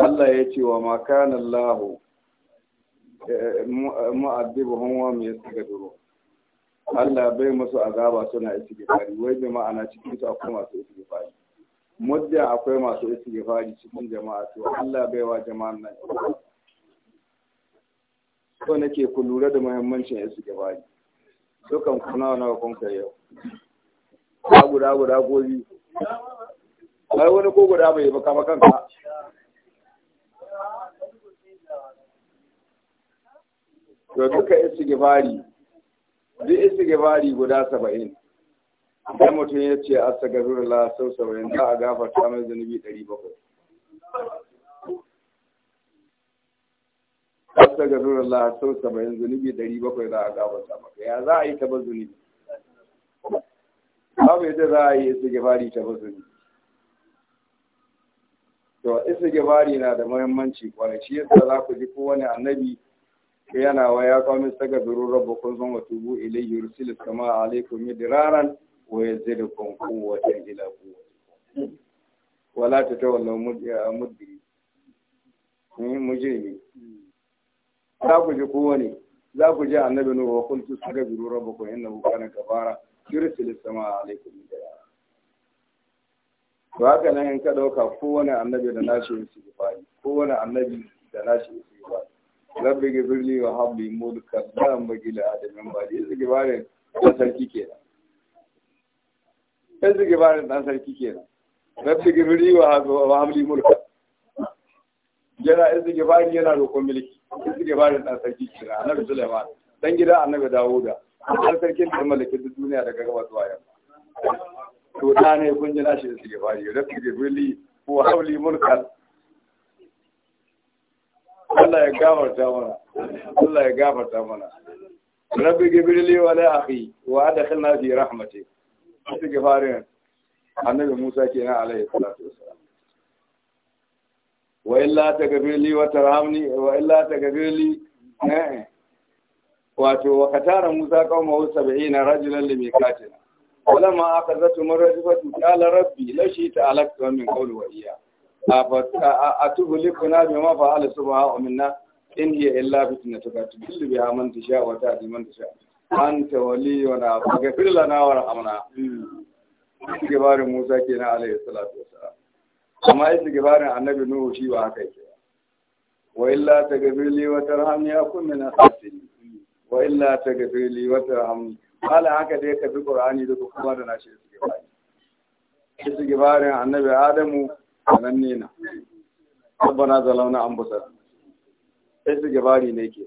Speaker 1: Allah ya ce wa makan Allah eh, eh, mu'addibuhum wa mai duro. Allah bai musu azaba suna gifari, wai jama'a ma'ana cikin su akwai masu gifari. muddin akwai masu gifari cikin jama'a to Allah bai wa jama'an nan ko nake ku lura da muhimmancin gifari. dukan ku nawa nawa kun kai yau guda guda gobi ai wani ko guda bai baka ba kanka to duka istighfari duk istighfari guda saba'in sai mutum ya ce astaghfirullah sau saba'in za a gafarta mai zunubi ɗari bakwai astaghfirullah sau saba'in zunubi ɗari bakwai za a gafarta maka ya za a yi taɓa zunubi babu yadda za a yi istighfari taɓa zunubi to istighfari na da muhimmanci kwarai shi yasa za ku ji kowane annabi yana wa ya kwami saka biru rabu kun zan wa tubu ilai yursil kama alaikum midraran wa yazidukum quwwatan ila quwwatikum wala ta tatawallaw mudbiri eh, mujrimi za ku ji kowane za ku ji annabi nuhu wa kuntu saka biru rabu kun innahu kana kafara yursil kama alaikum midraran to haka nan in ka dauka kowane annabi da nashi yin yusufani kowane annabi da nashi yin yusufani rabbi birni wa habli mulka dan bagila adamin ba dai zuke bare dan sarki kenan zuke bare dan sarki kenan rabbi birni wa habli mulka yana zuke bare yana roƙon mulki zuke bare dan sarki kenan annabi Sulaiman dan gida annabi Dawuda dan sarki da mallakin duniya daga gaba zuwa yamma to da ne kun ji nashi da suke fari rabbi gifirli wa habli mulka Allah ya gafarta mana Allah ya gafarta mana rabbi gibrili li wa la akhi wa adkhilna fi rahmatik istighfarin annabi Musa kenan alaihi salatu wassalam wa illa taghfir wa tarhamni wa illa taghfir li eh, wato wa katara Musa qaumahu 70 rajulan li limikatina ولما أخذتهم الرجفة قال ربي لو شئت أهلكتهم من قول وإياه a tuhulikuna bi ma fa'ala subhanahu minna in hiya illa fitnatuka tudillu biha man tasha wa ta'ti man tasha anta waliyuna faghfir lana warhamna gibarin Musa kenan alaihi salatu wassalam amma ita gibarin annabi Nuhu shi ba haka wa illa taghfir li wa tarhamni akun min al-khasirin wa illa taghfir li wa tarhamni hala haka kuma da nashi annabi Adamu sananne na rabbana zalauna anfusana sai su gabari ne ke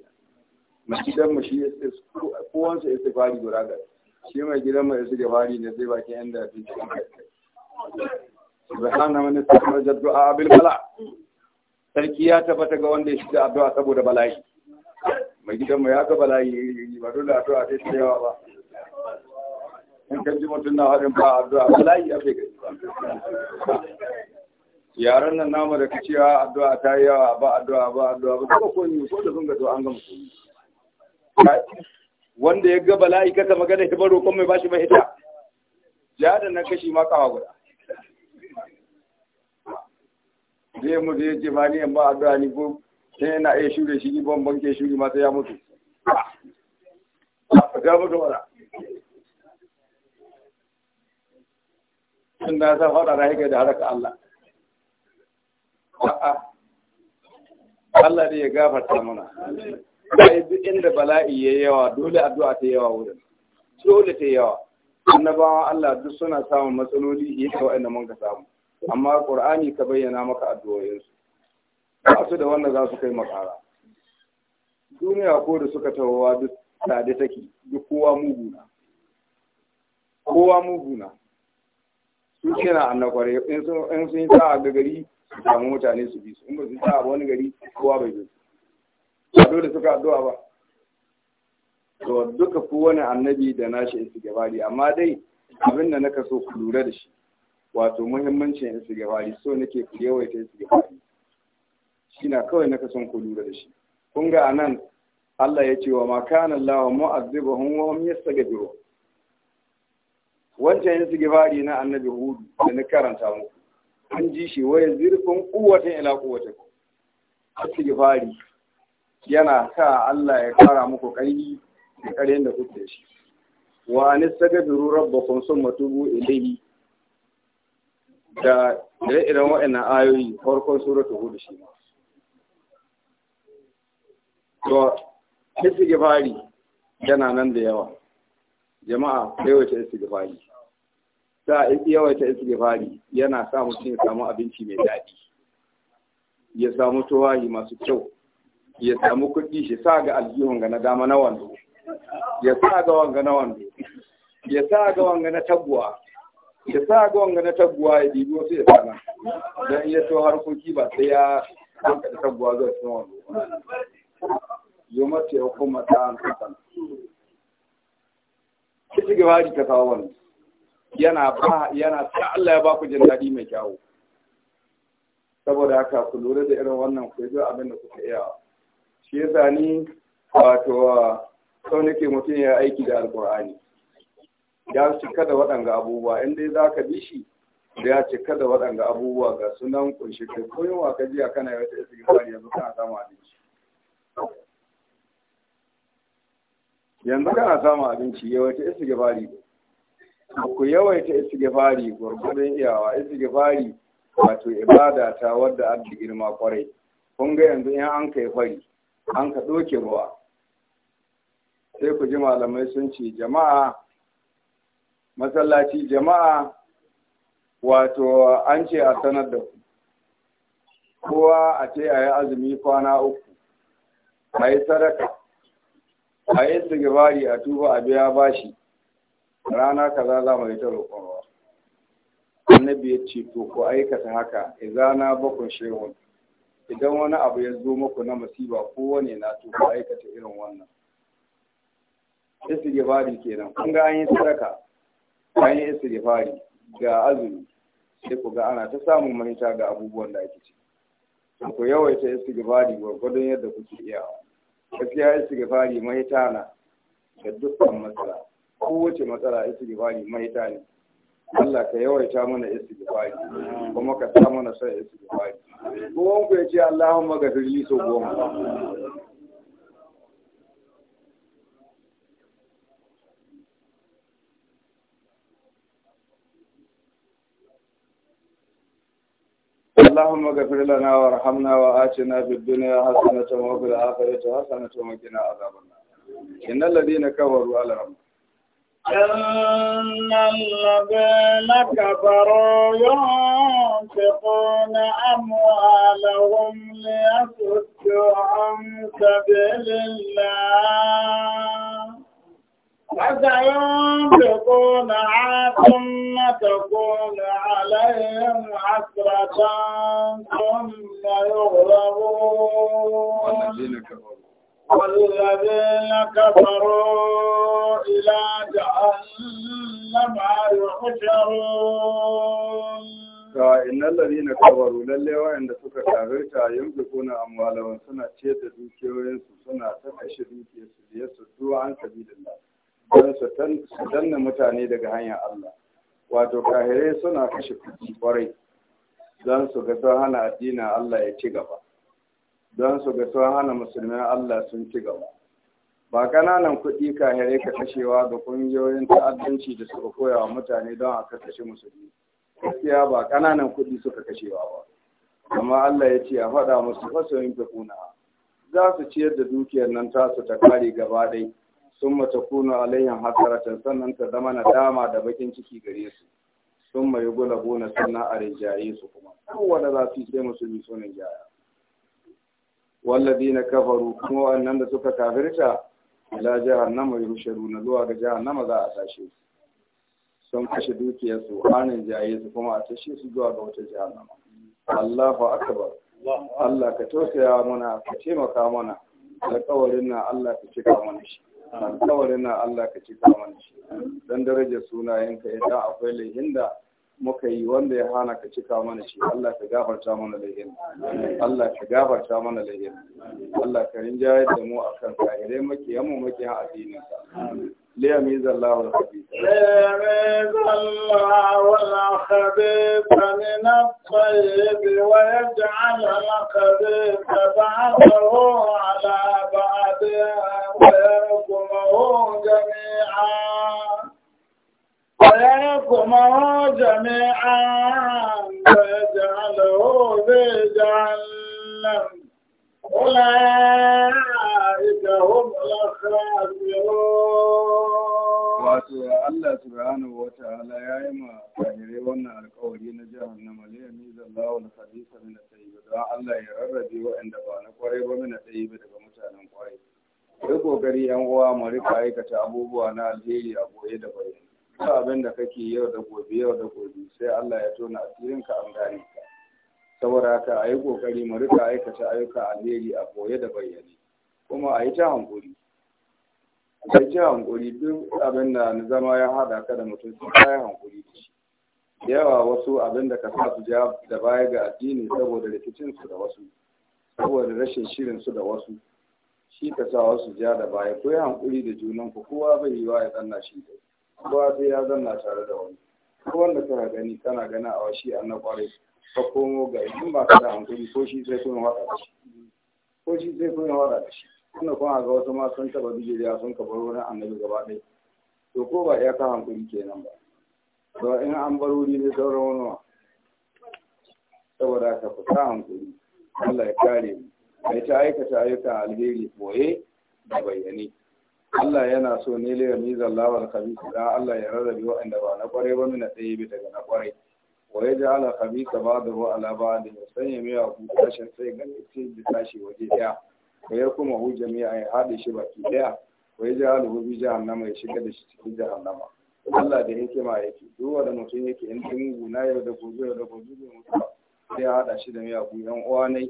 Speaker 1: mai gidanmu mu shi kowan su fari guda da shi mai ya su gabari ne sai baki yan da fi cikin kai wani man istakhrajat a abin bala sarki ya tabbata ga wanda ya shiga addu'a saboda bala'i mai gidanmu ya ga bala'i ba dole addu'a sai ta yawa ba in kan ji mutum na haɗin ba addu'a bala'i fi kai yaran nan namu da kacewa ah, addu'a ta yi yawa ba addu'a ba addu'a ba kuma komi ko da sun to an gama komi wanda ya ga bala'i kasa magana ya baro kuma mai bashi mai ita ya da na kashi ma kawa guda zai mu zai ce ma ni yan ba addu'a ni ko sai yana iya shure shi ni ban banke shuri ma sai ya mutu ga mutu wala sun da sa faɗa na haka da haraka Allah a'a Allah ne ya gafarta mana sai duk inda bala'i ya yawa dole addu'a ta yawa wurin dole ta yawa annabawan Allah duk suna samun matsaloli yake wa'anda mun ka samu amma qur'ani ka bayyana maka addu'o'insu ba su da wanda za su kai makara duniya ko da suka tawowa duk tsadi take duk kowa muguna kowa muguna su kira an kware in sun yi sa'a ga gari su samu mutane su bi su in ba su sa'a ba wani gari kowa bai bi su ba dole suka addu'a ba to duka wani annabi da nashi gabari. amma dai abin da naka so ku lura da shi wato muhimmancin gabari so nake ku yawaita gabari, shi na kawai naka son ku lura da shi kun ga anan Allah ya ce wa ma kana Allah mu'azzibahum wa hum yastaghfirun wancan yin fari na annabi hudu da na karanta muku an ji shi waya zirfin kuwatin ila kuwatin fari yana sa Allah ya kara muku ƙarfi da ƙarfin da kuke shi wa ni anistaghfiru rabbakum summa tubu ilayhi da ire-iren wa'annan ayoyi farkon suratul hudu shi ma to istighfari yana nan da yawa jama'a yawaita istighfari sa yawaita istighfari yana sa mutum ya samu abinci mai daɗi ya samu tuwahi masu kyau ya samu kuɗi shi sa ga aljihun ga na dama na wando ya sa ga wanga na wando ya sa ga wanga na taguwa ya sa ga wanga na taguwa ya bibi wasu ya sana don iya to harkoki ba sai ya hanka da taguwa zuwa cikin wando yau mace ya kuma ta hankalta ki gaba da kawo wannan yana ba yana sa Allah ya ba ku jin dadi mai kyawu saboda haka ku lura da irin wannan ku ji abin da kuka iya shi yasa ni wato sau nake mutum ya aiki da alkur'ani ya cika da waɗanga abubuwa in dai za ka bi shi da ya cika da waɗanga abubuwa ga sunan kunshi kai wa ka jiya kana yawata istighfar yanzu kana samu abinci yanzu kana samun abinci yawaita istighfari ku yawaita gabari gurgurdan iyawa gabari wato ibada ta wadda an da girma kwarai kun ga yanzu in an kai fari an ka doke ruwa sai ku ji malamai sun ce jama'a masallaci jama'a wato an ce a sanar da ku kowa a ce a yi azumi kwana uku a yi sadaka a yi sigibari a tuba a biya bashi rana kaza za mu yi ta roƙon annabi ya ce to ku aikata haka izana bakun shehun idan wani abu ya zo muku na masiba ko wani na to ku aikata irin wannan istighfari kenan kun ga an yi sadaka an yi istighfari ga azumi sai ku ga ana ta samun mahita ga abubuwan da ake ci ku yawaita istighfari gwargwadon yadda kuke iyawa gaskiya istighfari mai tana da dukkan matsala kowace matsala istighfari mai ne Allah ka yawaita mana istighfari kuma ka sa mana son istighfari ko wanku ya ce Allahumma gafirli so goma اللهم اغفر لنا وارحمنا وآتنا في الدنيا حسنة وفي الآخرة حسنة وقنا عذاب النار إن الذين كفروا على ربهم
Speaker 2: إن الذين كفروا ينفقون أموالهم ليصدوا عن سبيل الله فسينفقونها ثم تقول عليهم حسرة ثم يغربون والذين كفروا إلى جهنم يحشرون
Speaker 1: Ka’in lallari na kawaru lallewa wayanda suka tarita yanzu kuna amwalawan suna ce da dukiyoyinsu suna ta kashi dukiyarsu da yasa duwa an sabi da su danna mutane daga hanyar Allah. wato kahirai suna kashe kuɗi kwarai don su ga sun hana addinin Allah ya ci gaba don su ga sun hana musulmin Allah sun ci gaba ba kananan kuɗi kahire ka kashewa ga ƙungiyoyin ta'addanci da suka koya wa mutane don a kashe musulmi gaskiya ba kananan kuɗi suka kashewa ba amma Allah ya ce a faɗa musu fasoyin fi kuna za su ciyar da dukiyar nan tasu ta kare gaba ɗaya sun mace kuna alayyan hasaratan sannan ta zama dama da bakin ciki gare su sun mai gula gona sannan a rinjaye su kuma kowane za su yi sai musulmi sunan rinjaya wallabi na kafaru kuma wannan da suka kafirta ila mai rushe runa, zuwa ga jihar jahannama za a tashe su sun kashe dukiyarsu an rinjaye su kuma a tashe su zuwa ga wata nama. Allahu akbar Allah ka tausaya mana ka taimaka mana alƙawarin na Allah ka cika mana shi alkawarin na Allah ka ci mana shi dan daraja sunayenka idan akwai laihin da muka yi wanda ya hana ka cika mana shi Allah ka gafarta mana laihin Allah ka gafarta mana laihin Allah ka rinjaye da mu akan kahirai makiyan mu makiyan addinin ka ليميز الله الخبيث
Speaker 2: ليميز الله الخبيث من الطيب ويجعل الخبيث بعضه على بعض ويرقمه جميعا ويرقمه جميعا ويجعله في جهنم أولئك هم الخاسرون wato
Speaker 1: Allah subhanahu wa ta'ala ya yi ma kahire wannan alkawari na jihar ne yami na al-hadisa min tayyib don Allah ya rarrabe waɗanda ba na kwarai ba min at-tayyib daga mutanen kware
Speaker 2: kai kokari yan uwa mu rika aikata
Speaker 1: abubuwa na alheri a goye da bayan duk abin da kake yau da gobe yau da gobe sai Allah ya tona asirin ka an gane ka saboda haka ayi kokari mu rika aikata ayyuka alheri a goye da bayyane kuma a yi ta hankuri kai ce hankuri duk abin da na zama ya hada ka da mutum sun kayan hankuri da shi yawa wasu abin da ka sa su ja da baya ga addini saboda rikicinsu da wasu saboda rashin su da wasu shi ka sa wasu ja da baya ko ya hankuri da junan ku kowa bai yi wa ya zanna shi kowa sai ya zanna tare da wani ko wanda ka gani kana gana a washi an na kwarai ka komo ga in ba ka da hankuri ko shi sai kun haɗa da shi ko shi sai haɗa da shi tunda kuma ga wasu ma sun taba da sun ka wurin annabi gaba ɗaya to ko ba ya ka hankuri kenan ba to in an bar wuri ne sauran wani ma saboda ka ku sa hankuri Allah ya kare mu ai ta aikata ayyukan alheri boye da bayyane Allah yana so ne la yamiza Allah wal da Allah ya rarrabe waɗanda ba na kware ba na tsaye bi daga na kware wa ya ja'ala da ba'dahu ala ba da sanya mai abu kashin sai ga sai da tashi waje daya wa ya kuma hu jami'a ya haɗe shi baki ɗaya wa ya jihar hudu jahannama ya shiga da shi cikin jahannama Allah da ma yake duk wanda mutum yake in tun mugu na yau da gobe yau da gobe zai mutu sai ya haɗa shi da miyagun yan uwa ne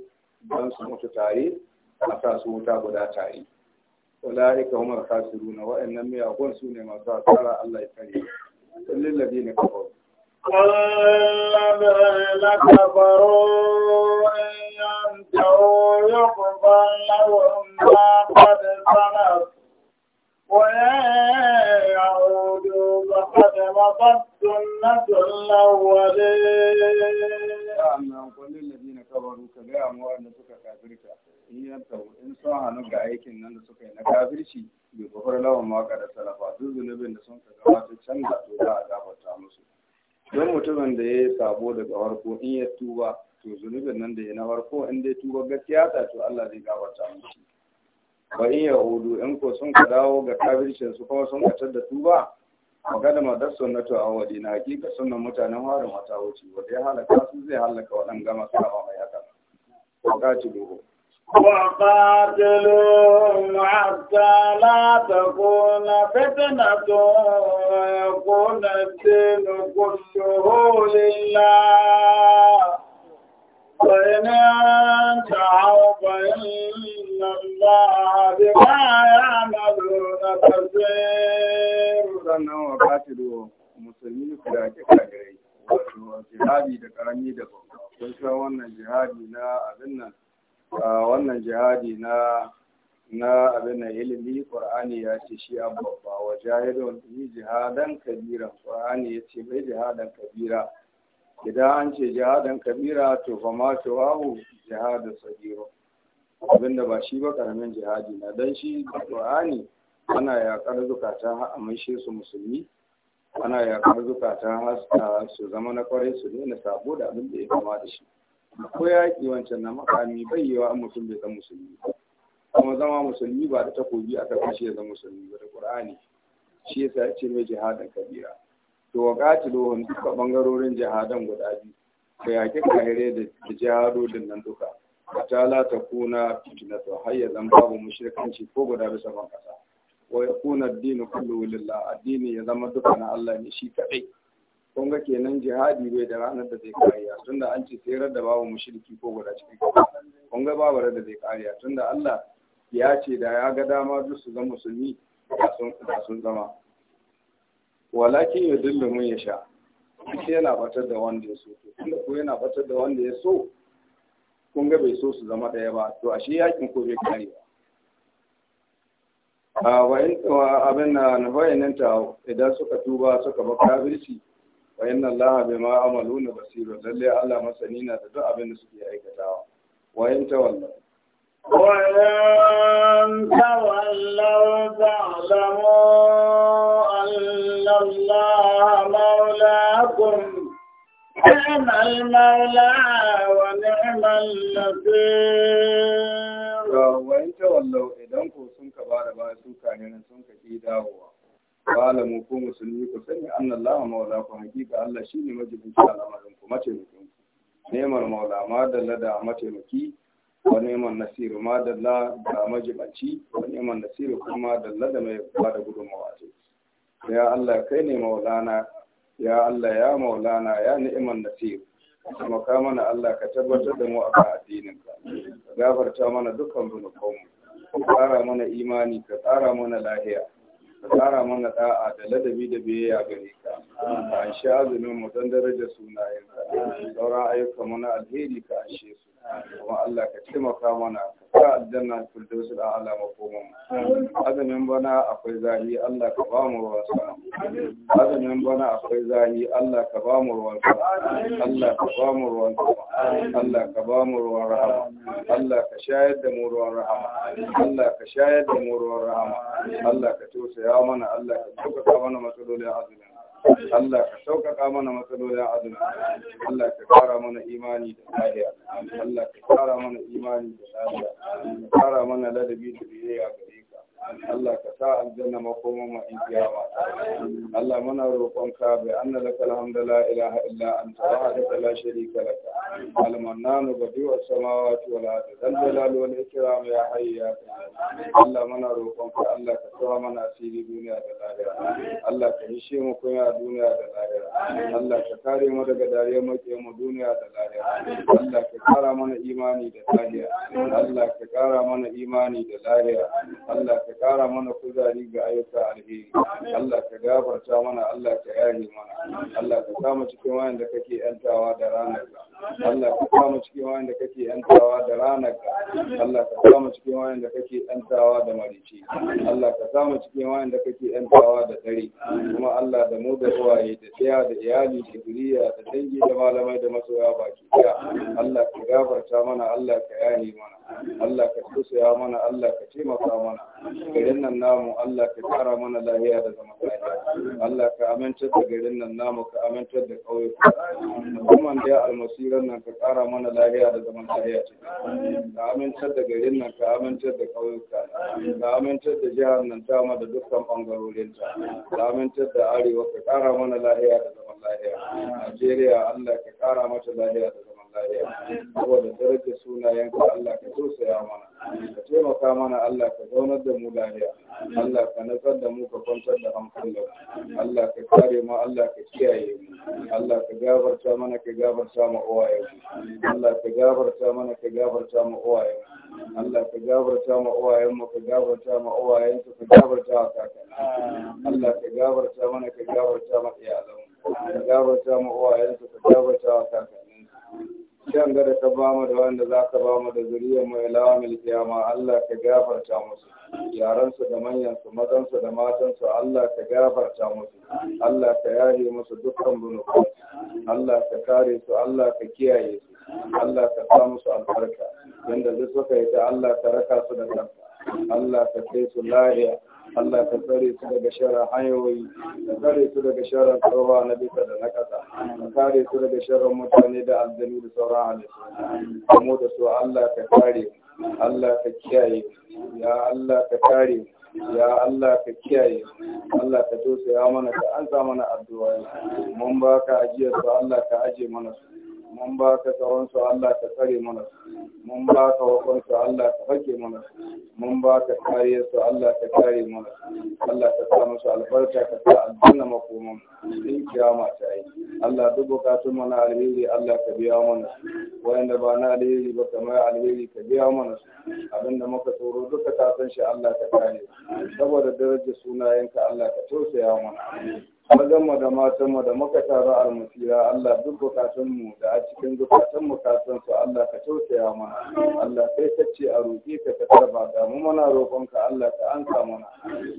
Speaker 1: don su mutu tare a sa su wuta guda tare ulaika hum al-khasirun wa innam miyagun sune masu asara Allah ya kare lil ladina kafaru قل
Speaker 2: الذين كفروا
Speaker 1: awon maka da salafa duk zunubin da sun ka gabata can da to za a gafarta musu don mutumin da ya yi sabo daga farko in ya tuba to zunubin nan da ya na farko in dai tuba gaskiya ta to Allah zai gafarta musu ba in ya hudu in ko sun ka dawo ga kafircin su kuma sun ka da tuba magana ma na to a wadi na hakika sunnan mutanen harin wata wuce wanda ya halaka su zai halaka gama masu kama mai haka wakati do
Speaker 2: وقاتلوهم حتى لا تكون فتنة ويكون الدين كله لله وإن انتهوا فإن الله بما يعملون بصير.
Speaker 1: وقاتلوهم مسلمين في الحقيقة wato jihadi da karami da babba kun san wannan jihadi na abin nan wannan jihadi na na abin ilimi qur'ani ya ce shi an babba wa jahidun bi jihadan kabira qur'ani ya ce bai jihadan kabira idan an ce jihadan kabira to fa ma to wahu jihadu Abin abinda ba shi ba karamin jihadi na dan shi qur'ani ana yakar zukatan amince su musulmi ana yakar zukatan ah, su zama na kwarai su ne saboda sabo da abin da ya kama da shi ko yaƙi wancan na makami bai yi wa an mutum bai san musulmi kuma zama musulmi ba da takobi aka kashe ya zama musulmi ba da qur'ani shi yasa ya ce mai jihadin kabira to wa qatiluhum duka bangarorin jihadan guda biyu ka yaƙi kahire da jihadodin nan duka ta la ta kuna har ya zama babu mushrikanci ko guda bisa ban kasa wa yakuna ad-dinu kullu lillah addini ya zama duka na Allah ne shi kadai kun ga kenan jihadi bai da ranar da zai kariya tunda an ce tserar da babu mushriki ko guda cikin kasa kun ga babu da zai kariya tunda Allah ya ce da ya ga dama duk su zama musulmi da sun zama walakin ya dillu mun ya sha shi yana batar da wanda ya so tunda ko yana batar da wanda ya so kun ga bai so su zama ɗaya ba to ashe yakin ko bai kariya a wa'in abin na nufayin nan idan suka tuba suka ba kafirci wa inna allaha bima amaluna basir lalle allah masani na da duk abin da suke aikatawa wa in tawalla
Speaker 2: wa in tawalla fa alamu allah maulakum inna al maula wa ni'mal nasir
Speaker 1: wa in tawalla idan ku sun ka ba da ka ne sun ka ki dawowa wala mu ko musulmi ku sani lama maula ku hakika Allah shi ne majibin al'amarin ku mataimakin
Speaker 2: ku neman
Speaker 1: maula ma dalla da mataimaki ko neman nasiru ma dalla da majibanci ko neman nasiru kuma da da mai ba da gudunmawa ce ya Allah kai ne maulana ya Allah ya maulana ya ni'man nasiru kuma ka mana Allah ka tabbatar da mu akan addinin ka gafarta mana dukkan zunubanmu ka tsara mana imani ka tsara mana lahiya ka tsara mana da'a da ladabi da biyayya gare ka ka anshi azumin mu don daraja sunayen ka sauran ayyukan mana alheri ka anshe su kuma Allah ka taimaka mana sa aljanna firdausul a'la makoman azumin bana akwai zahi Allah ka ba mu ruwan sama azumin bana akwai zahi Allah ka ba mu ruwan sama Allah ka ba mu ruwan sama Allah ka ba mu ruwan rahama Allah ka shayar da mu ruwan rahama Allah ka shayar da mu ruwan rahama Allah ka ya mana Allah ka tabbata mana matsalolin azumi Allah ka sauƙaƙa mana matsalolin azumi Allah ka ƙara mana imani da lafiya Allah ka ƙara mana imani da lafiya ka ƙara mana ladabi da biyayya gare Allah ka sa aljanna makoma ma in kiyama Allah muna roƙonka bi anna laka alhamdu la ilaha illa anta wahdaka la sharika laka al-mannan badi'u as-samawati wal ardi dal jalali wal ikram ya hayy ya Allah muna roƙonka Allah ka sa mana asiri duniya da lahira Allah ka hishe mu kunya duniya da lahira Allah ka kare mu daga dariyar maƙiyan mu duniya da lahira Allah ka kara mana imani da lahira Allah ka kara mana imani da lahira Allah ka ka kara mana kuzari ga ayyuka alheri Allah ka gafarta mana Allah ka yaye mana Allah ka kama cikin wayan da kake yantawa da ranar Allah ka kama cikin wayanda kake yantawa da ranar ka Allah ka kama cikin wayanda kake yantawa da marici Allah ka kama cikin wayanda kake yantawa da dare kuma Allah da mu da ruwaye da tsaya da iyali da duniya da dangi da malamai da masoya baki daya Allah ka gafarta mana Allah ka yaye mana Allah ka tusaya mana Allah ka taimaka mana garin nan namu Allah ka kara mana lahiya da zama lafiya Allah ka amince da garin nan namu ka amince da ƙauyuka Kuma da almasi. hirar nan ka kara mana lahiya da zaman lahiya ce Da amintar da garin nan ka amintar da ƙauyuka Da amintar da jihar nan ta da dukkan bangarorin ta. Da amintar da arewa ka kara mana lahiya da zaman lahiya Najeriya Allah ka kara mata lahiya da zaman saboda darajar sunayenka Allah ka tausaya mana ka taimaka mana Allah ka zaunar da mu lahiya Allah ka nasar da mu ka kwantar da hankalin Allah ka kare mu Allah ka kiyaye mu Allah ka gabarta mana ka gafarta mu uwayen Allah ka gabarta mana ka gabarta mu uwayen Allah ka gabarta mu uwayen mu ka gabarta mu uwayen ka gabarta wa kakanni Allah ka gabarta mana ka gabarta mu iyalan ka gabarta mu uwayen ka gabarta wa kakanni shan da ka ba mu da wanda za ka ba mu da zuriyar mu ilawa mil kiyama Allah ka gafarta musu yaransu da manyansu mazansu da matansu Allah ka gafarta musu Allah ka yaye musu dukkan zunubansu Allah ka kare su Allah ka kiyaye su Allah ka sa musu albarka yanda duk suka yi ta Allah ka raka su da kanka Allah ka kai su lahiya Allah ka tsare su daga sharar hanyoyi ka tsare su daga sharar tsawa na bisa da na ƙasa ka kare su daga sharar mutane da aljanu da sauran halittu kuma da su Allah ka kare Allah ka kiyaye ya Allah ka kare ya Allah ka kiyaye Allah ka tosa ya mana ka ansa mana addu'a mun ba ka ajiyar su Allah ka aje mana su mun ba ka tsawon su Allah ta tsare mana mun ba ka wakon su Allah ta hake mana mun ba ka su Allah ta kare mana Allah ta sa musu albarka ka sa aljanna makoman in kiyama ta yi Allah duk bukatun mana alheri Allah ka biya mana wayanda ba na alheri ba kamar alheri ka biya mana su, abinda muka tsoro duka ka san shi Allah ta kare saboda darajar sunayenka Allah ka tausaya mana mu da matan mu da muka taru almasira Allah duk mu da a cikin bukatunmu ka san su Allah ka tausaya mana Allah sai ka ce a roƙe ka ka tarba da mu muna ka Allah ka anka mana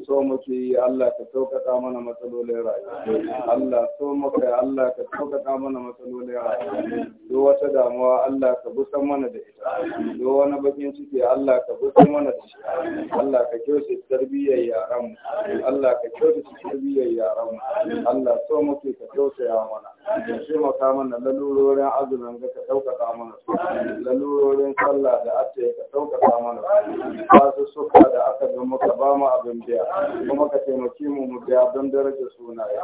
Speaker 1: so muke yi Allah ka sauƙaƙa mana matsalolin rayuwa Allah so muka Allah ka sauƙaƙa mana matsalolin rayuwa duk wata damuwa Allah ka busan mana da ita duk wani bakin ciki Allah ka busan mana da shi Allah ka kyautata tarbiyyar mu Allah ka kyautata tarbiyyar mu. Allah so muke ka tausaya mana ya taimaka mana lalurorin azumin ga ka ɗaukaka mana su lalurorin sallah da ake ka ɗaukaka mana su basu suka da aka ga muka ba mu abin biya kuma ka taimaki mu mu biya don daraja sunaye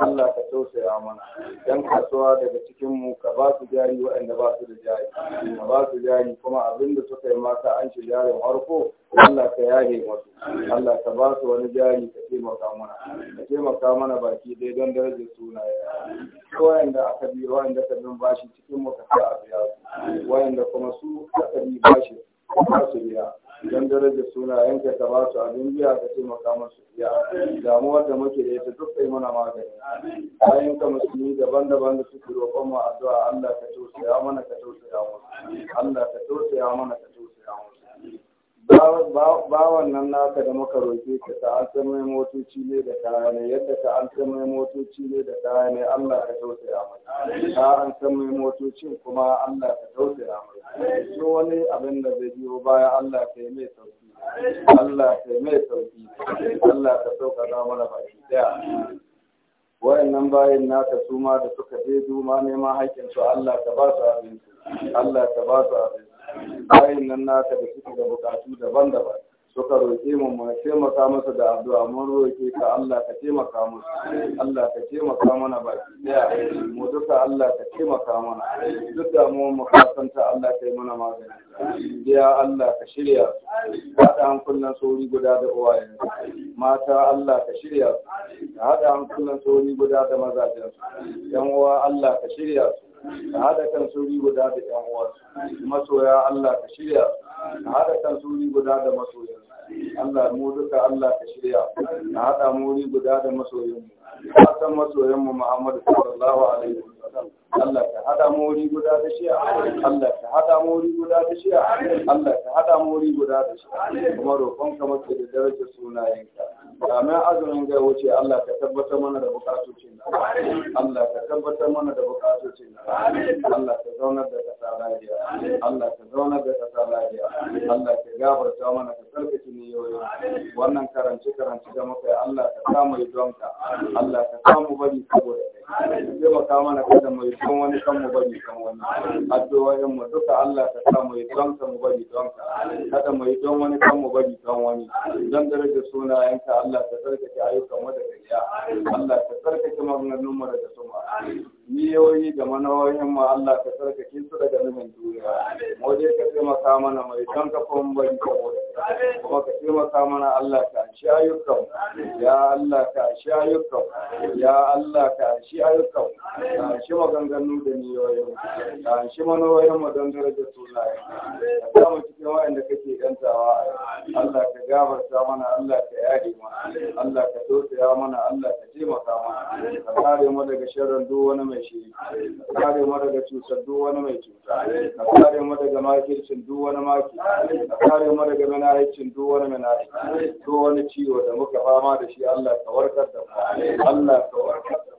Speaker 1: Allah ka tausaya mana yan kasuwa daga cikin mu ka ba su jari waɗanda ba su da jari ka ba su jari kuma abin da suka yi maka an shi jarin harko Allah ka yahe wasu Allah ka ba su wani jari ka taimaka mana ka taimaka mana baki dai don darajar sunaye wayanda aka bi wayanda ka bin bashi cikin mu ka a biya su wayanda kuma su aka bi bashi ba su biya don daraja sunayen ka ba su abin biya ka taimaka musu biya damuwar da muke da ita duk kai mana magani bayan ka musulmi daban-daban da suke roƙon mu addu'a Allah ka tausaya mana ka tausaya musu Allah ka tausaya mana ka tausaya musu bawan nan naka da muka roƙe ka ta an san mai motoci ne da kaya ne yadda ka an san mai motoci ne da kaya ne Allah ka ya mai ka an san mai motocin kuma Allah ka ya mai so wani abin da zai biyo baya Allah ka yi mai sauki Allah ka yi mai sauki Allah ka sauka za mana baki daya wayannan bayan naka su ma da suka je duma neman haƙƙin su Allah ka ba su abin Allah ka ba su abin bayan nan naka da suke da bukatu daban-daban suka roƙe mu mu taimaka masa da addu'a mun roƙe ka Allah ka taimaka musu Allah ka taimaka mana baki daya mu duka Allah ka taimaka mana duk da mu mu kasanta Allah kai mana magana. ya Allah ka shirya su haɗa hankulan sauri guda da uwa yanzu. mata Allah ka shirya su haɗa hankulan sauri guda da mazajen su yan uwa Allah ka shirya su ka haɗa kan suri guda da ƴan uwansu masoya Allah ka shirya ka haɗa kan suri guda da masoyan Allah mu duka Allah ka shirya ka haɗa mu guda da masoyan mu ka san masoyan mu Muhammadu sallallahu alaihi wasallam Allah ka hada mu wuri guda da shi Allah ka hada mu wuri guda da shi Allah ka hada mu wuri guda da shi kuma roƙon ka maka da darajar sunayenka kamar azumin ga wuce Allah ka tabbatar mana da bukatocin nan Allah ka tabbatar mana da bukatocin nan Allah ka zaunar da kasa lafiya Allah ka zaunar da kasa lafiya Allah ka gabarta mana ka sarkace niyoyi wannan karance karance da muka yi Allah ka samu idonka Allah Allah ka samu bari saboda mana kada mu san wani kan mu bari wani addu'o'in mu duka Allah ka samu ya ka mu bari don ka kada mai don wani kan mu bari kan wani don daraja Allah ka tsarkake ayyukan mu daga riya Allah ka tsarkake maganganun mu suma niyoyi da manawoyin mu Allah ka sarkake su daga nufin duniya mu dai ka taimaka mana mai don ka kuma bari ka kuma ka taimaka mana Allah ka shi ayyukan ya Allah ka shi ayyukan ya Allah ka shi ayyukan ka shi maganganu da niyoyin ka shi manawoyin ma don darajar sunayen ka sa mu cikin wa'anda kake yantawa Allah ka gafarta mana Allah ka yare mana Allah ka tausaya mana Allah ka taimaka mana ka kare mu daga sharrin duk wani mai mana shi kare mu daga cutar duk wani mai cuta ka kare mu daga makircin duk wani maki ka kare mu daga manahicin duk wani manahici duk wani ciwo da muka fama da shi Allah ka warkar da mu
Speaker 2: Allah ka warkar da mu